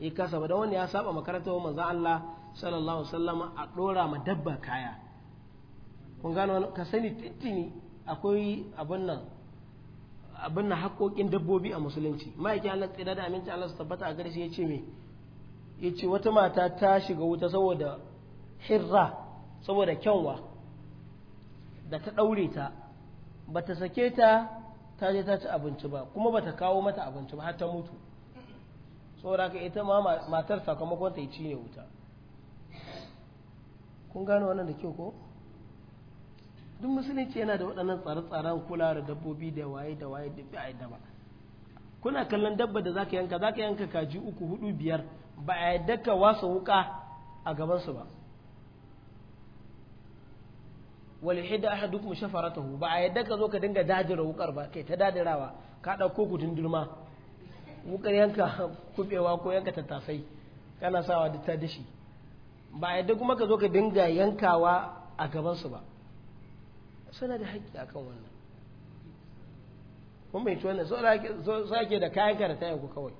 ya kasa ba da wani ya saba makarantar manzan Allah sallallahu alaihi a ɗora ma dabba kaya kun gano ka sani tintini akwai abin nan haƙoƙin dabbobi a musulunci ma'aikin Allah tsira da aminci Allah su tabbata a gare shi ya ce me ya ce wata mata ta shiga wuta saboda hirra saboda kyanwa da ta ɗaure ta ba ta sake ta ta je ta ci abinci ba kuma ba ta kawo mata abinci ba har ta mutu saboda ka ita ma matar sakamakon ta yi cinye wuta kun gano wannan da kyau ko duk musulunci yana da waɗannan tsare-tsaren kula da dabbobi da waye da waye da biya da ba kuna kallon dabba da zaka yanka zaka yanka kaji uku hudu biyar ba a yadda ka wasa wuka a gabansu ba walihida ahadukum shafaratahu ba a yadda ka zo ka dinga dadira wukar ba kai ta dadirawa ka dauko gudun durma wukar yanka [laughs] kubewa ko yanka tattasai kana sawa duk ta dishi ba a yadda kuma ka zo ka dinga yankawa a gaban su ba suna da haƙƙi akan wannan kuma bai wannan so sake da kayan ka da tayan ku kawai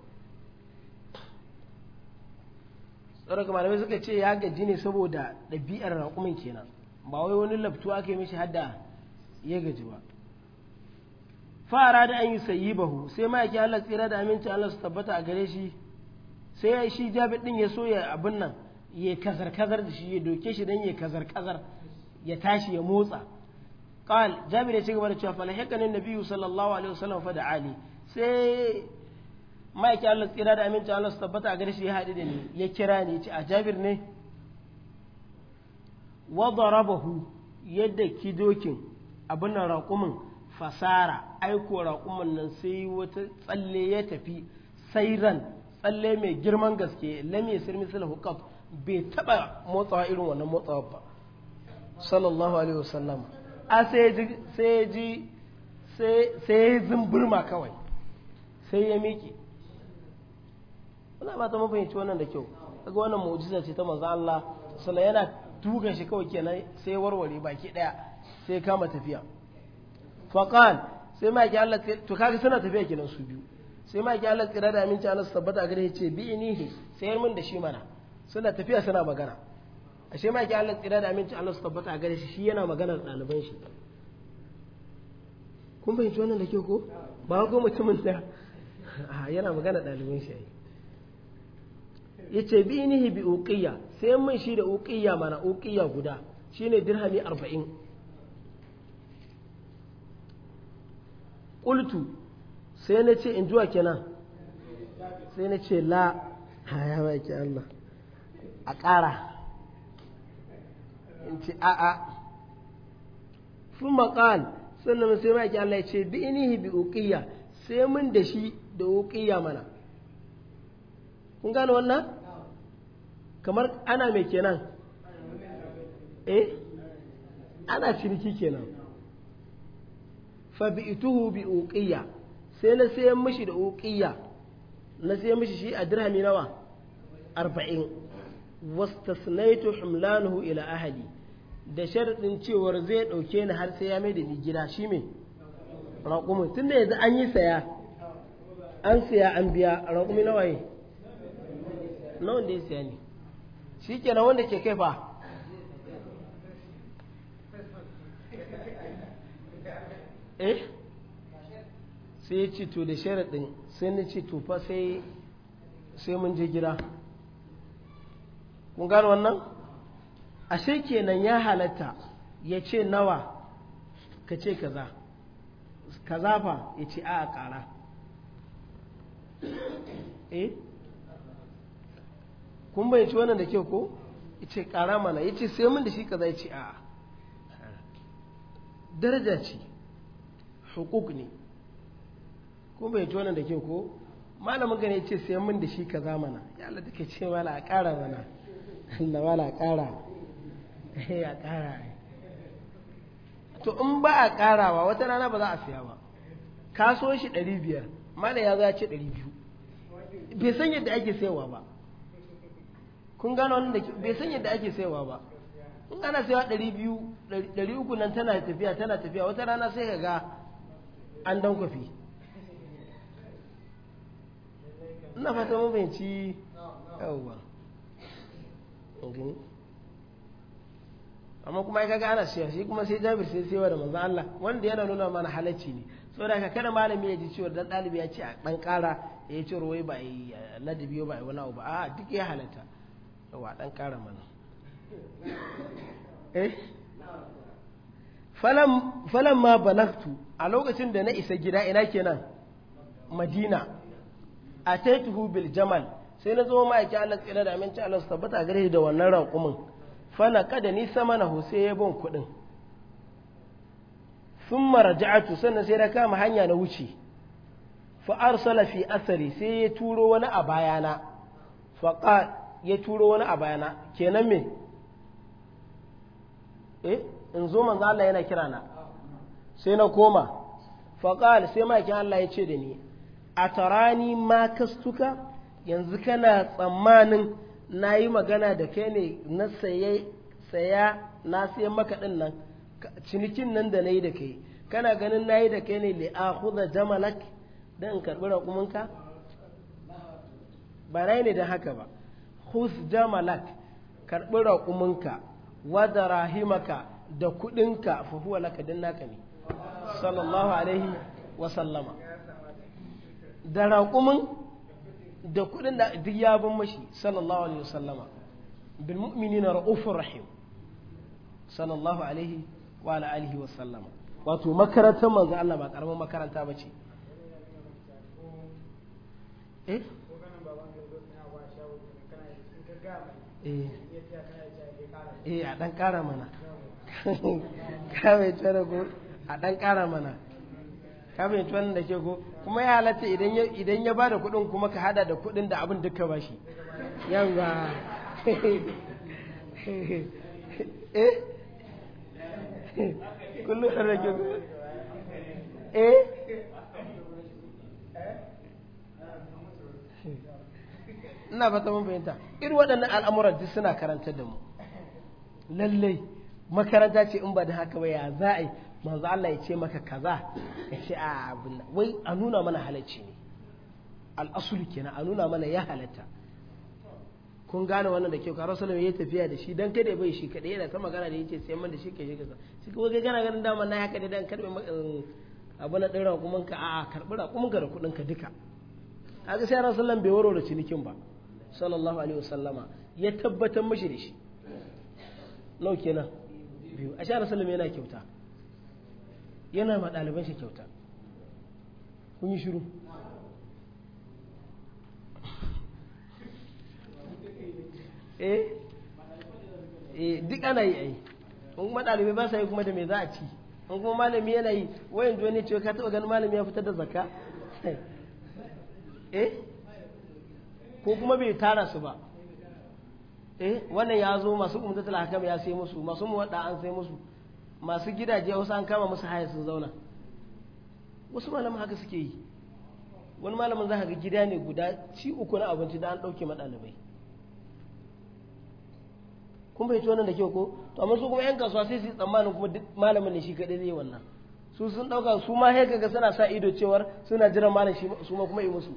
tsoron malamai suka ce ya gaji ne saboda ɗabi'ar raƙumin kenan ba wai wani laftu ake mishi hadda ya gaji ba fara da an yi sayi bahu sai ma'aiki Allah tsira da aminci Allah su tabbata a gare shi sai shi jabir din ya so ya abin nan ya kazar kazar da shi ya doke shi dan ya kazar kazar ya tashi ya motsa qal jabir ya ci gaba da cewa fa lahikanin biyu sallallahu alaihi wasallam fa da ali sai ma'aiki Allah tsira da aminci Allah su tabbata a gare shi ya haɗu da ni ya kira ni ya ce a jabir ne wa darabahu yadda kidokin abin nan raƙumin fasara aiko raƙumin nan sai wata tsalle ya tafi sairan tsalle mai girman gaske lam sirmi salahu hukab bai taɓa motsawa irin wannan motsawa ba sallallahu alaihi wasallam a sai ji sai ji sai zumburma kawai sai ya miƙe wannan ba ta mafahimci wannan da kyau kaga wannan mu'jiza ce ta manzo Allah sallallahu yana tukan shi kawai kenan sai warware baki daya sai kama tafiya faqal sai ma Allah to kaga suna tafiya kenan su biyu sai ma Allah tsira da aminci Allah su tabbata gare ya ce bi inihi sayar min da shi mana suna tafiya suna magana ashe ma Allah tsira da aminci Allah su tabbata gare shi shi yana magana da ɗaliban shi kun fahimci wannan da ke ko ba ko mutumin da [laughs] yana magana ɗaliban shi ai yace bi inihi bi uqiyya sai mun shi da uqiyya mana uqiyya guda shine dirhami arba'in qultu sai na ce in juwa kenan sai na ce la haya baki Allah a ƙara in ce a'a sun maƙal sannan sai maki Allah ya ce bi inihi bi uqiyya sai mun da shi da uqiyya mana kun gane wannan kamar ana mai kenan eh ana ciniki kenan fa bi'tuhu bi uqiyya sai na sayan mishi da uqiyya na sayan mishi shi a dirhami nawa 40 wastasnaitu himlanuhu ila ahli da sharadin cewar zai dauke ni har sai ya mai da ni gida shi me raƙumin tunda yanzu an yi saya an saya an biya raqumi nawa ne nawa ne ya saya ne shi kenan wanda ke kai fa eh sai ya ci to da sharaɗin sai na ci to fa sai sai mun je gida kun gano wannan a ashe kenan ya halatta ya ce nawa ka ce kaza za fa ya ce a ƙara eh kun bayyanci wannan da kyau ko ce kara mana yace sai mun da shi kaza yace a'a daraja ce hukuk ne kun bayyanci wannan da kyau ko malamin gane yace sai mun da shi kaza mana ya Allah take ce wala a kara mana [laughs] Allah wala a kara eh a kara to in ba a karawa wata rana ba za a siya ba kaso so shi 500 mala ya zo ya ce 200 bai san yadda ake sayawa ba kun gano wannan da bai san yadda ake saiwa ba in ana saiwa ɗari biyu ɗari uku nan tana tafiya tana tafiya wata rana sai ka ga an dan kwafi ina fata mun fahimci yawwa amma kuma kaga ana siya shi kuma sai jabir sai sai da manzan Allah wanda yana nuna mana halacci ne saboda ka kada malami ya ji cewa dan ɗalibi ya ce a ɗan ƙara ya ce ruwai ba a yi ladabi ba a yi wani abu a duk ya halatta yawa ɗan ƙara mana eh ma balagtu a lokacin da na isa gida ina kenan madina ataituhu bil jamal sai na zama ma'aiki Allah tsira da aminci Allah su tabbata gare da wannan raƙumin fana kada ni sama na sai ya bin kuɗin sun mara ja'atu sannan sai na kama hanya na wuce fa salafi fi asari sai ya turo wani a bayana fa ya turo wani a bayana kenan me eh in zo manzo Allah yana kira na sai na koma faqal sai makin Allah ya ce da ni a atarani ma kastuka yanzu kana tsammanin na yi magana da kai ne na saye saya na sai maka din nan cinikin nan da na yi da kai kana ganin na yi da kai ne li'akhudha jamalak dan in karbi raƙuminka ba rai ne da haka ba khuz jamalak karɓi raƙuminka wada rahimaka da kuɗinka fa huwa laka dan naka ne sallallahu alaihi wa sallama da raƙumin da kuɗin da duk ya bin mashi sallallahu alaihi wa sallama bil mu'minina ra'ufur rahim sallallahu alaihi wa alihi wa sallama wato makarantar manzo Allah ba karamin makaranta bace eh Eh. eh a dan kara mana kawai tara ko a dan kara mana kawai tuwan da ke ko kuma ya halatta idan ya bada kuɗin kuma ka hada da kuɗin da abin duka ba shi yamma [laughs] eh [laughs] eh ina fata mun fahimta irin waɗannan al'amuran duk suna karantar da mu lallai makaranta ce in ba da haka ba ya za a yi manzo Allah ya ce maka kaza ka ce a abin wai a nuna mana halacci ne al'asulu kenan a nuna mana ya halatta kun gane wannan da kyau ka rasulun ya tafiya da shi dan kada bai shi kadai yana ta magana da yake sai man da shi ke shi sa shi kuma kai kana ganin dama na ya kada dan karbe um, abu na kuma ka a'a karɓi rakumanka da kudin ka duka ga sai rasulun bai waro da cinikin ba sallallahu alaihi wasallama ya tabbatar mashi da shi nau kenan biyu a shara sallama yana kyauta yana ma ɗaliban shi kyauta kun yi shiru eh eh duk ana yi ai in kuma ɗalibai ba sa yi kuma da me za a ci in kuma malami yana yi wayan duwani ce ka taɓa ganin malami ya fitar da zakka [laughs] eh ko kuma bai tara su ba eh wannan ya zo masu umdatul hakam ya sai musu masu muwadda an sai musu masu gidaje wasu an kama musu haya sun zauna wasu malaman haka suke yi wani malamin za ga gida ne guda ci uku na abinci da an ɗauke maɗalibai kun bai wannan da kyau ko to amma su kuma yan kasuwa sai su yi tsammanin kuma duk malamin ne shi kaɗai zai wannan su sun ɗauka su ma sai kaga suna sa ido cewar suna jiran malam shi su ma kuma yi musu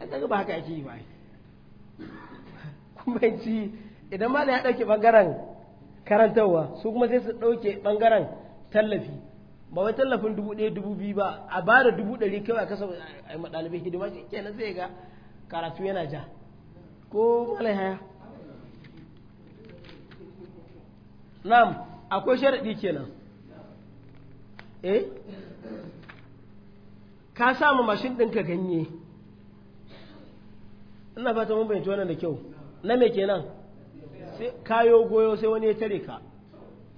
an kaga ba haka ake yi ba ai kuma ci idan malam ya ɗauke ɓangaren karantarwa su kuma sai su ɗauke ɓangaren tallafi ba wai tallafin dubu ɗaya dubu biyu ba a ba da dubu ɗari kawai a kasa a yi ɗalibai hidima shi kenan sai ga karatu yana ja ko malai haya na'am akwai sharaɗi kenan eh ka sa ma mashin ɗinka ganye ina fata mun bayyanci wannan da kyau na me kenan sai kayo goyo sai wani ya tare ka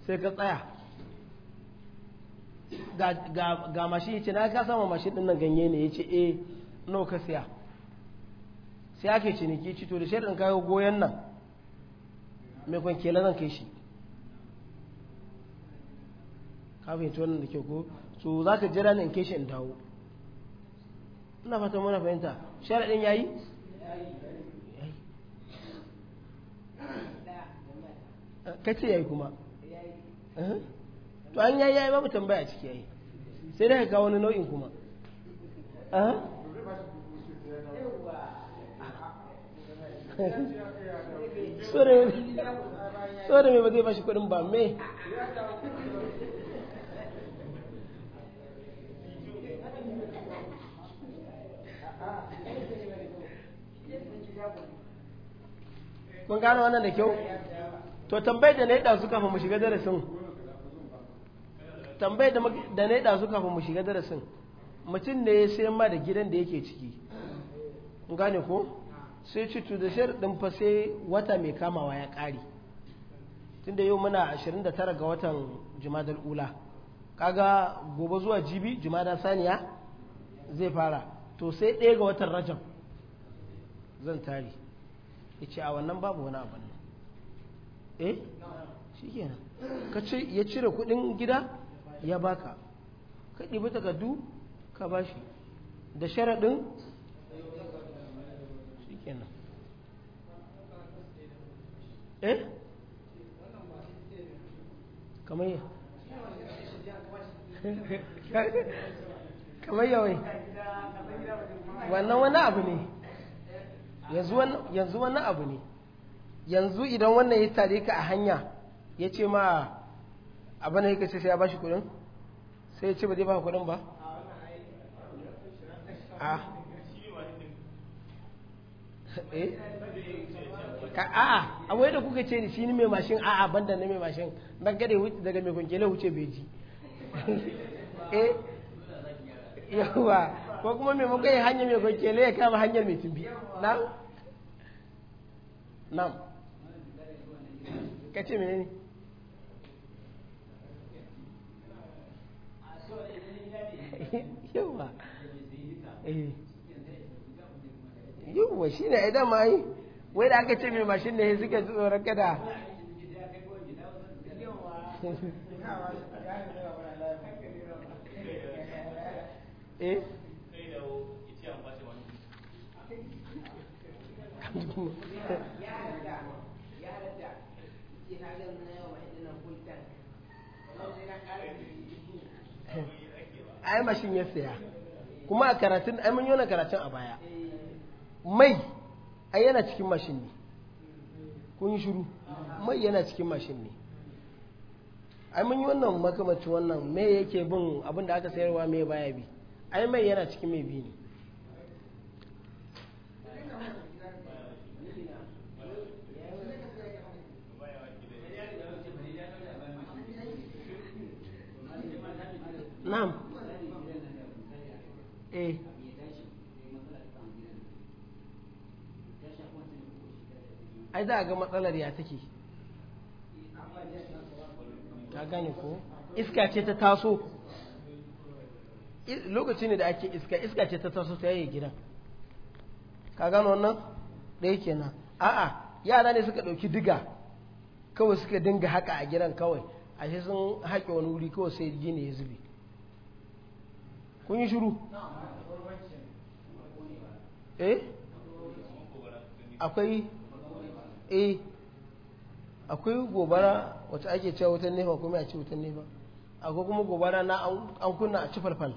sai ka tsaya ga mashin ya ce na ka sama mashin ɗin nan ganye ne ya ce eh no ka siya sai ake ciniki to da shaɗin kayo goyon nan mai kwankela zan kai shi ka fahimci wannan da kyau ko so za ka jira ne in kai shi in dawo ina fata muna fahimta sharaɗin ya yi kaciyayi yayi kuma to an yayi yayi babu tambaya ciki yayi sai dai ka wani nau'in kuma tsore [laughs] mai ba zai bashi kudin ba me mun gano wannan da kyau to tambayar da na yi ɗazu kafin mu shiga darasin tambayar da na yi ɗazu kafin mu shiga darasin mutum ne ya sayan ma da gidan da yake ciki mun gane ko sai cutu da shir ɗin fa sai wata mai kamawa ya Tun tunda yau muna 29 ga watan jumadal ula kaga gobe zuwa jibi jumada saniya zai fara to sai ɗaya ga watan rajab zan tare ya ce a wannan babu wani abin nan eh shi kenan ka ce ya cire kudin gida ya baka ka ɗibi takardu ka bashi da sharaɗin shi kenan eh kamar yi [laughs] kamar yawai wannan wani abu ne yanzu wannan abu ne yanzu idan wannan ya tare ka a hanya ya ce ma abin da ya kace sai ya bashi kudin sai ya ce ba zai ba kudin ba a a'a eh? a wai da kuka ce ni shi ne mai mashin a'a banda na mai mashin dan gade daga mai kunkele wuce bai ji [laughs] eh yawa ko kuma mai ya hanyar mai kunkele ya kama hanyar mai tumbi na Nam. kace ne? [laughs] yawa eh. yawa shi ne idan ma yi wai da aka ce mai mashin ne suke tsoron kada [laughs] eh [laughs] ai mashin ya saya kuma a karatun ai mun yona karatun a baya mai ai yana cikin mashin ne kun yi shiru mai yana cikin mashin ne ai mun yi wannan makamacin wannan me yake bin abin da aka sayarwa me baya bi ai mai yana cikin mai bi ne na'am eh ai za a ga matsalar ya take ka gane ko iska ce ta taso lokaci ne da ake iska iska ce ta taso ta yi gidan ka gano wannan ɗaya kenan a'a yara ne suka ɗauki diga kawai suka dinga haka a gidan kawai ashe sun haƙe wani wuri kawai sai gini ya zube kun yi shuru eh akwai eh akwai gobara wacce ake cewa wutan nefa kuma a ce wutan nefa akwai kuma gobara na an kunna a ci falfal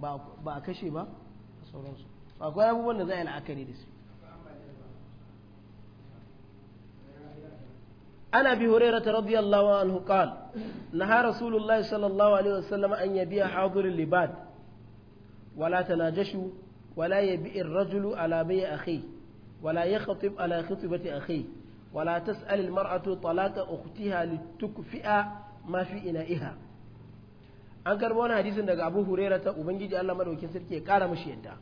ba a kashe ba a sauransu akwai abubuwan da za a yi la'akari da su عن ابي هريره رضي الله عنه قال نهى رسول الله صلى الله عليه وسلم ان يبيع حاضر اللباد ولا تناجشوا ولا يبيع الرجل على بيع أخيه ولا يخطب على خطبة أخيه ولا تسأل المرأة طلاق أختها لتكفئ ما في إنائها an karɓi wani hadisin daga abu hurera ta ubangiji allah madaukin sarki ya ƙara mashi yadda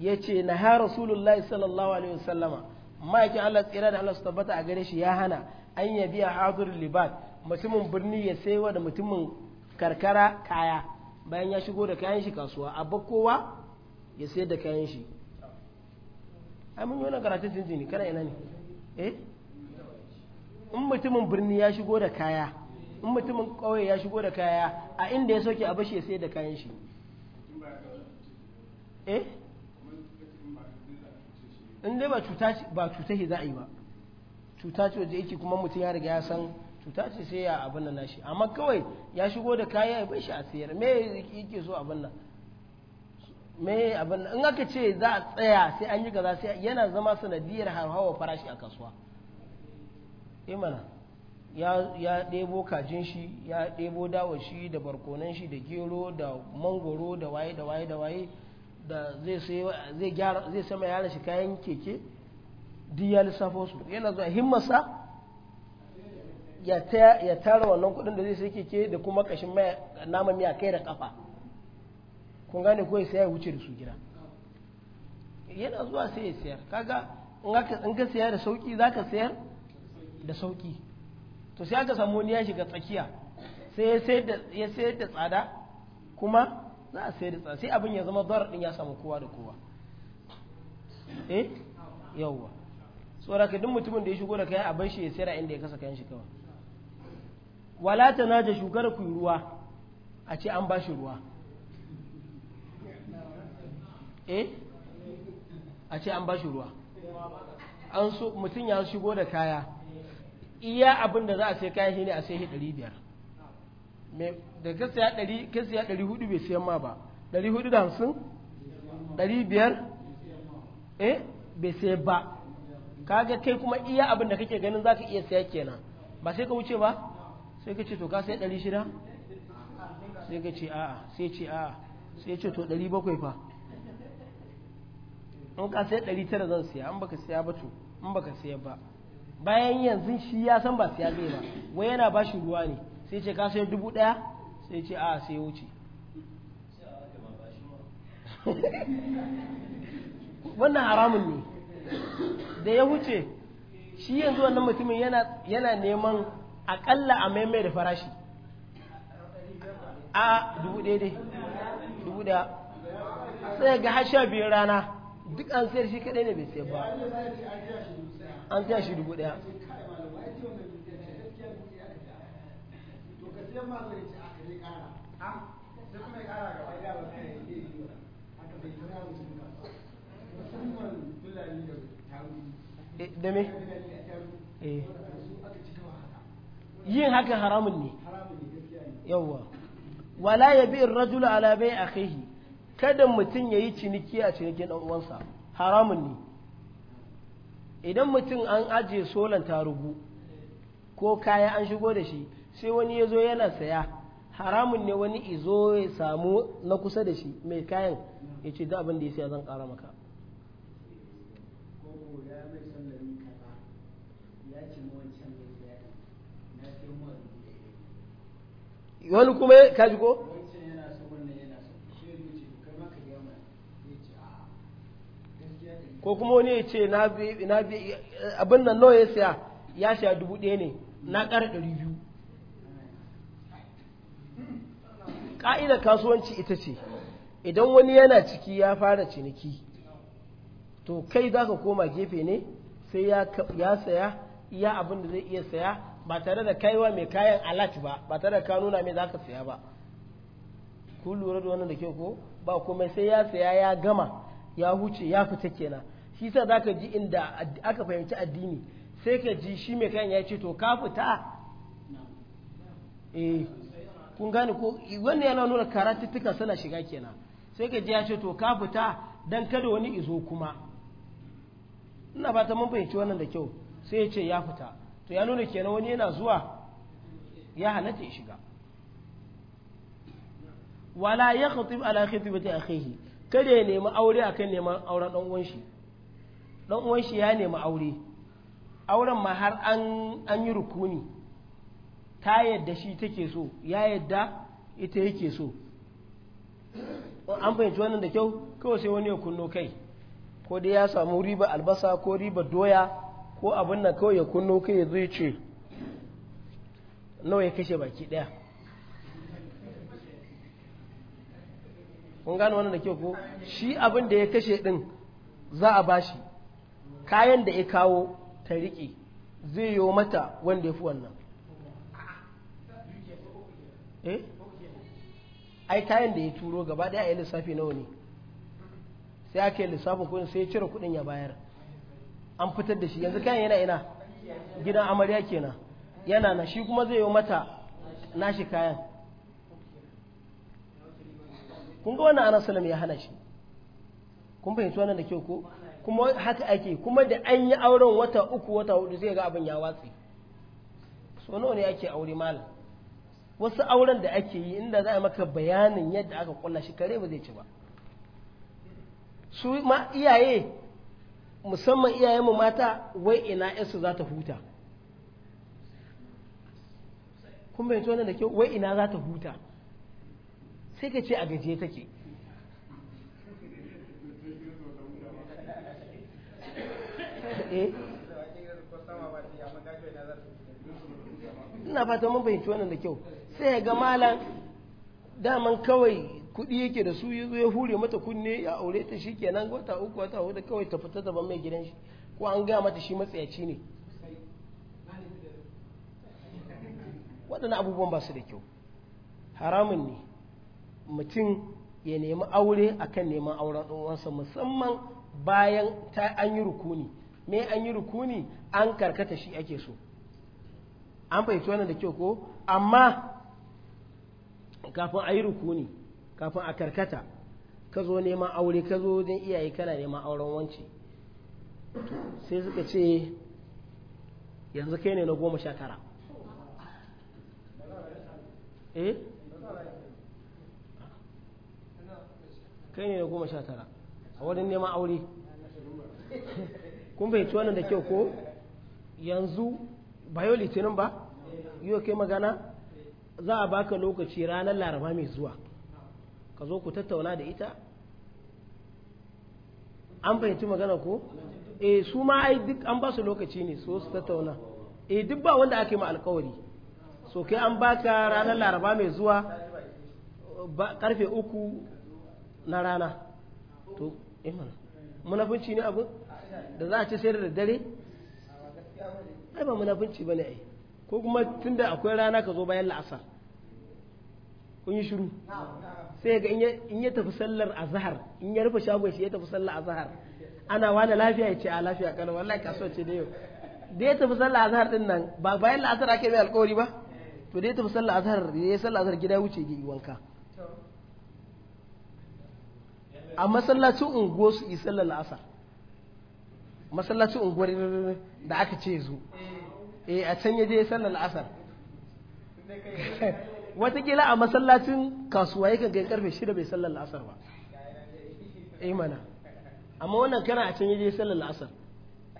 ya ce na ha rasulullahi sallallahu alaihi wasallama ma'aikin allah tsira da allah su tabbata a gare shi ya hana an ya biya libat mutumin birni ya saiwa da mutumin karkara kaya bayan ya shigo da kayan shi kasuwa a kowa ya sayar da kayan shi ai mun yi wannan karatun jini kana ina ne eh in mutumin birni ya shigo da kaya in mutumin kauye ya shigo da kaya a inda ya soke a bashi ya sayar da kayan shi eh in dai ba cuta ba cuta za a yi ba cuta ce waje yake kuma mutum ya riga ya san cuta ce sai ya abin nan nashi amma kawai ya shigo da kaya ya bai shi a siyar me yake so abin nan me abin nan in aka ce za a tsaya sai an yi gaza sai yana zama sanadiyar hawa farashi a kasuwa imana eh ya ya ɗebo kajin shi ya ɗebo dawar shi da barkonan shi da gero da mangoro da waye da waye da waye da zai sai sama yaran shi kayan keke duk ya lissafo su yana zuwa himmarsa ya tara wannan kuɗin da zai sai keke da kuma kashin nama miya kai da kafa kun gane ko ya ya wuce da su gida yana zuwa sai ya sayar kaga in ka sayar da sauki za ka sayar da sauki to sai aka samu wani ya shiga tsakiya sai ya sayar da tsada kuma za a sayar da tsada sai abin ya zama bar din ya samu kowa da kowa eh yawwa saboda ka duk mutumin da ya shigo da kayan a bar shi ya sayar a inda ya kasa kayan shi kawai wala ta na da shugara ku ruwa a ce an ba shi ruwa eh a ce an ba shi ruwa an so mutum ya shigo da kaya iya abin da za a sai kayan shi ne a sai ɗari biyar da kasiya ɗari kasiya hudu bai siyan ma ba dari hudu da hamsin dari biyar eh bai sai ba kaga kai kuma iya abin da kake ganin za ka iya siya kenan ba sai ka wuce ba sai ka ce to ka sai ɗari shida sai ka ce a'a sai ce a'a sai ce to ɗari bakwai fa in ka sai ɗari tara zan siya in baka siya ba to in baka siya ba bayan yanzu shi ya san ba siya zai ba wai yana ba shi ruwa ne sai ce ka sai dubu ɗaya sai ce a'a sai wuce [laughs] wannan haramun ne da ya wuce shi yanzu wannan mutumin yana neman aƙalla a maimai da farashi a dubu ɗaya dai dubu ɗaya sai ga hasha biyar rana duk an sayar shi kaɗai ne bai sayar ba an sayar shi dubu ɗaya eh, da me? eh yin haka haramun ne yawwa wala ya bi rajul ala bai akhihi kada mutum ya yi ciniki a cinikin ɗan uwansa haramun ne idan mutum an ajiye solan ta rubu ko kaya an shigo da shi sai wani ya zo yana saya haramun ne wani izo ya samu na kusa da shi mai kayan ya ce da abin da ya saya zan kara maka ya ce wani kuma kaji ko ko kuma wani ya ce na bi abin nan nawa ya siya ya siya dubu ɗaya ne na ƙara ɗari biyu ƙa'ida kasuwanci ita ce idan wani yana ciki ya fara ciniki to kai za ka koma gefe ne sai ya saya iya abin da zai iya saya ba tare da kaiwa mai kayan alat ba ba tare da ka nuna mai za ka saya ba ku lura da wannan da ke ko ba kuma sai ya saya ya gama ya huce ya fita kenan shi sa za ka ji inda aka fahimci addini sai ka ji shi mai kayan ya ce to ka fita eh kun gane ko wannan yana nuna karatuttuka suna shiga kenan sai ka ji ya ce to ka fita dan kada wani izo kuma ina ba ta mun fahimci wannan da kyau sai ya ce ya fita to ya nuna kenan wani yana zuwa ya halatta ya shiga wala ya khatib ala khitibati akhihi kada ya nemi aure akan neman auren dan uwan shi dan shi ya nemi aure auren ma har an an yi rukuni ta yadda shi take so ya yadda ita yake so an fahimci wannan da kyau kawai sai wani ya kunno kai ko dai ya samu riba albasa ko riba doya ko abin nan kawai ya kunno kai ya zai ce nawa ya kashe baki ɗaya, kun gano wannan da kyau ko shi abin da ya kashe din za a bashi kayan da ya kawo ta riƙe zai yi mata wanda ya fi wannan eh ai kayan da ya turo gaba daya a yi lissafi nawa ne sai aka yi lissafin kudin sai ya cire kudin ya bayar an fitar da shi yanzu kayan yana ina gidan amarya kenan yana na shi kuma zai yi mata nashi kayan kun ga wannan salam ya hana shi kun fahimci wannan da kyau ko kuma haka ake kuma da an yi auren wata uku wata hudu zai ga abin ya watsi so nawa ne ake aure malam wasu auren da ake yi inda za a maka bayanin yadda aka kulla shi kare ba zai ci ba su ma iyaye musamman iyayenmu mata wai ina yarsu za ta huta kun bai tona da kyau wai ina za ta huta sai ka ce a gaje take eh? ina fata mun fahimci wannan da kyau sai ya ga malam daman kawai kuɗi yake da su ya ya hure mata kunne ya aure ta shi kenan wata uku wata hudu kawai ta fita ban mai gidan shi ko an gaya mata shi matsayaci ne waɗannan abubuwan ba su da kyau haramun ne mutum ya nemi aure akan neman auren ɗan'uwansa musamman bayan ta an yi rukuni me an yi rukuni an karkata shi ake so an fahimci wannan da kyau ko amma kafin a yi rukuni kafin a karkata ka zo neman aure ka zo wajen iyaye kana neman auren wance sai suka ce yanzu kai ne na goma sha tara eh kai ne na goma sha tara a wajen neman aure kun fahimci wannan da kyau ko yanzu ba yau litinin ba yau kai magana za a baka lokaci ranar laraba mai zuwa ka zo ku tattauna da ita an fahimci magana ko eh su ma ai duk an ba su lokaci ne so su tattauna eh duk ba wanda ake ma alkawari so kai an baka ranar laraba mai zuwa karfe uku na rana to imana eh munafunci ne abu da za a ci sai da dare ai ba munafunci ne ai ko kuma tunda akwai rana ka zo bayan la'asar kun yi shiru sai ga in ya tafi sallar azhar in ya rufe shagon shi ya tafi sallar azhar ana wani lafiya ya ce a lafiya kana wallahi kaso ce da yau da ya tafi sallar azhar din nan ba bayan la'asar ake mai alkawari ba to da ya tafi sallar azhar ya yi sallar azhar gida wuce yi wanka a masallacin unguwar su yi sallar la'asar masallacin unguwar da aka ce zo eh a can ya je sallar la'asar watakila a masallacin kasuwa yakan kai karfe shida bai sallar la'asar ba eh mana amma wannan kana a can yaje sallar la'asar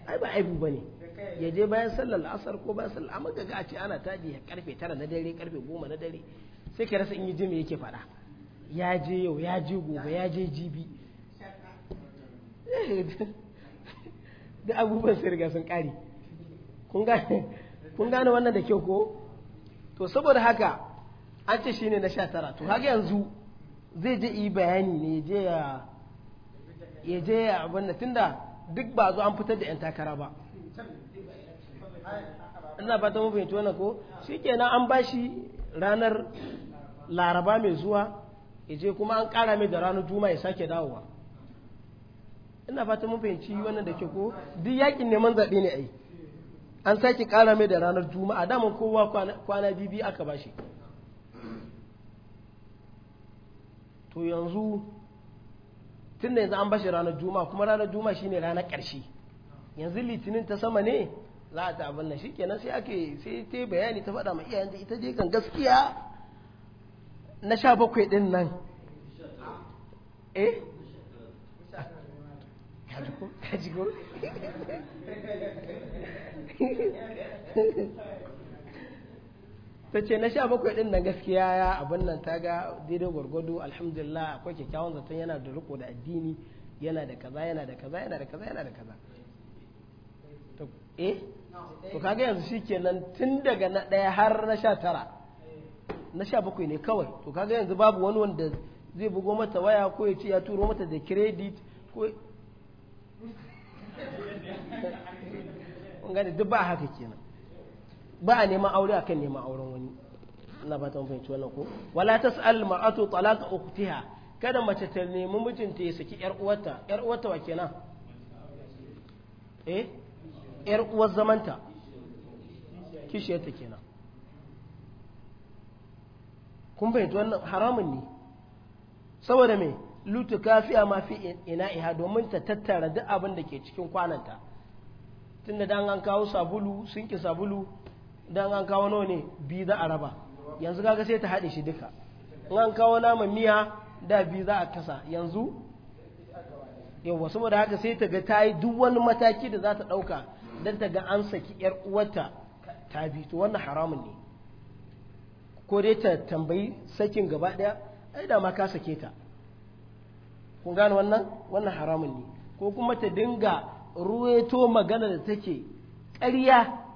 ai ba aibu bane ya je bayan sallar la'asar ko bayan sallar amma kaga a ce ana taji ya karfe tara na dare karfe goma na dare sai ka rasa in yi jimi yake faɗa ya je yau ya je gobe ya je jibi eh, da abubuwan sai riga sun kare kun gane wannan da kyau ko to saboda haka an ce shine na sha tara to haka yanzu zai je yi bayani ne je ya ya je ya abin da tunda duk ba zo an fitar da yan takara ba ina ba ta mafi tona ko shi kenan an bashi ranar laraba mai zuwa ya je kuma an kara mai da ranar juma ya sake dawowa ina fata mun fahimci wannan da ke ko duk yakin neman zaɓe ne ai an sake kara mai da ranar juma'a daman kowa kwana bibi aka bashi to yanzu tun da yanzu an bashi ranar juma kuma ranar juma ne ranar ƙarshe yanzu litinin ta sama ne za a ta na shi kenan sai ake sai ta bayani ta faɗa ma iyayen ita je kan gaskiya na sha bakwai ɗin nan eh [laughs] ta ce na sha bakwai din nan gaskiya ya abin nan ta ga daidai gwargwado alhamdulillah akwai kyakkyawan zaton yana da riko da addini yana da kaza yana da kaza yana da kaza yana da kaza eh to kaga yanzu shikenan tun daga na ɗaya har na sha tara na sha bakwai ne kawai to kaga yanzu babu wani wanda zai bugo mata waya ko ya ce ya turo mata da credit ko [laughs] kun gani duk ba haka kenan ba a neman aure a kan neman auren wani ina ba ta fahimci wannan ko wala ta sa'al mar'atu talaka ukhtiha kada mace ta nemi mijinta ya saki yar uwarta yar uwarta wa kenan eh yar uwar zamanta kishiyarta kenan kun fahimci wannan haramun ne saboda me lutu kafiya ma fi ina iha domin ta tattara duk abin da ke cikin kwananta tunda dan an kawo sabulu sun ki sabulu dan an kawo nawa ne biyu za a raba yanzu kaga sai ta haɗe shi duka in an kawo nama miya da biyu za a kasa yanzu yawa saboda haka sai ta ga ta yi duk wani mataki da za ta ɗauka don ta ga an saki ‘yar uwarta ta bi to wannan haramun ne ko dai ta tambayi sakin gaba ɗaya ai da ma ka sake ta kun gane wannan wannan haramun ne ko kuma ta dinga ruweto magana da take ƙarya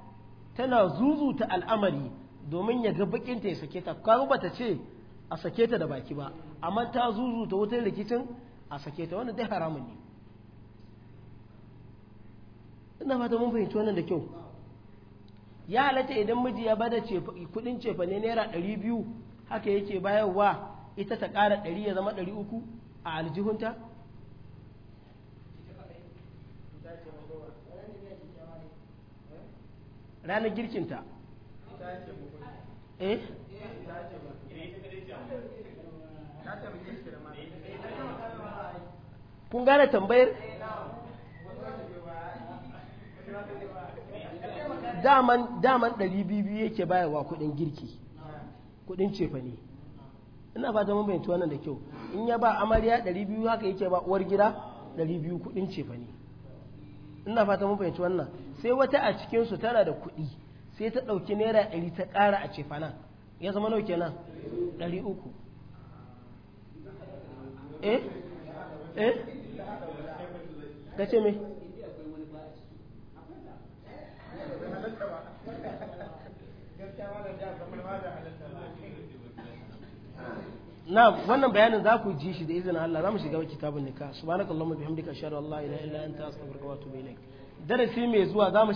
tana zuzuta al'amari domin ya ga bakinta ya sake ta ba ta ce a sake ta da baki ba amma ta zuzuta wutar rikicin a sake ta wanda dai haramun ne ina fata mun fahimci wannan da kyau ya halatta idan miji ya bada kudin cefa ne naira ɗari biyu haka yake bayarwa ita ta ƙara ɗari ya zama ɗari uku a aljihunta ranar girkinta eh kun gane tambayar daman daman ɗari biyu yake bayarwa kuɗin girki kuɗin cefane ina ba ta mabayanci wannan da kyau in ya ba amarya ɗari biyu haka yake ba uwar gida ɗari biyu kuɗin cefane ina fata mun fahimci wannan sai wata a cikin su tana da kuɗi sai ta ɗauki naira ɗari ta ƙara a ce fana ya zama nau kenan ɗari uku eh eh ka ce me na wannan bayanin za ku ji shi da izinin Allah za mu shiga kitabun nikah subhanakallahumma bihamdika ashhadu an la ilaha illa anta astaghfiruka wa atubu ilaik darasi mai zuwa za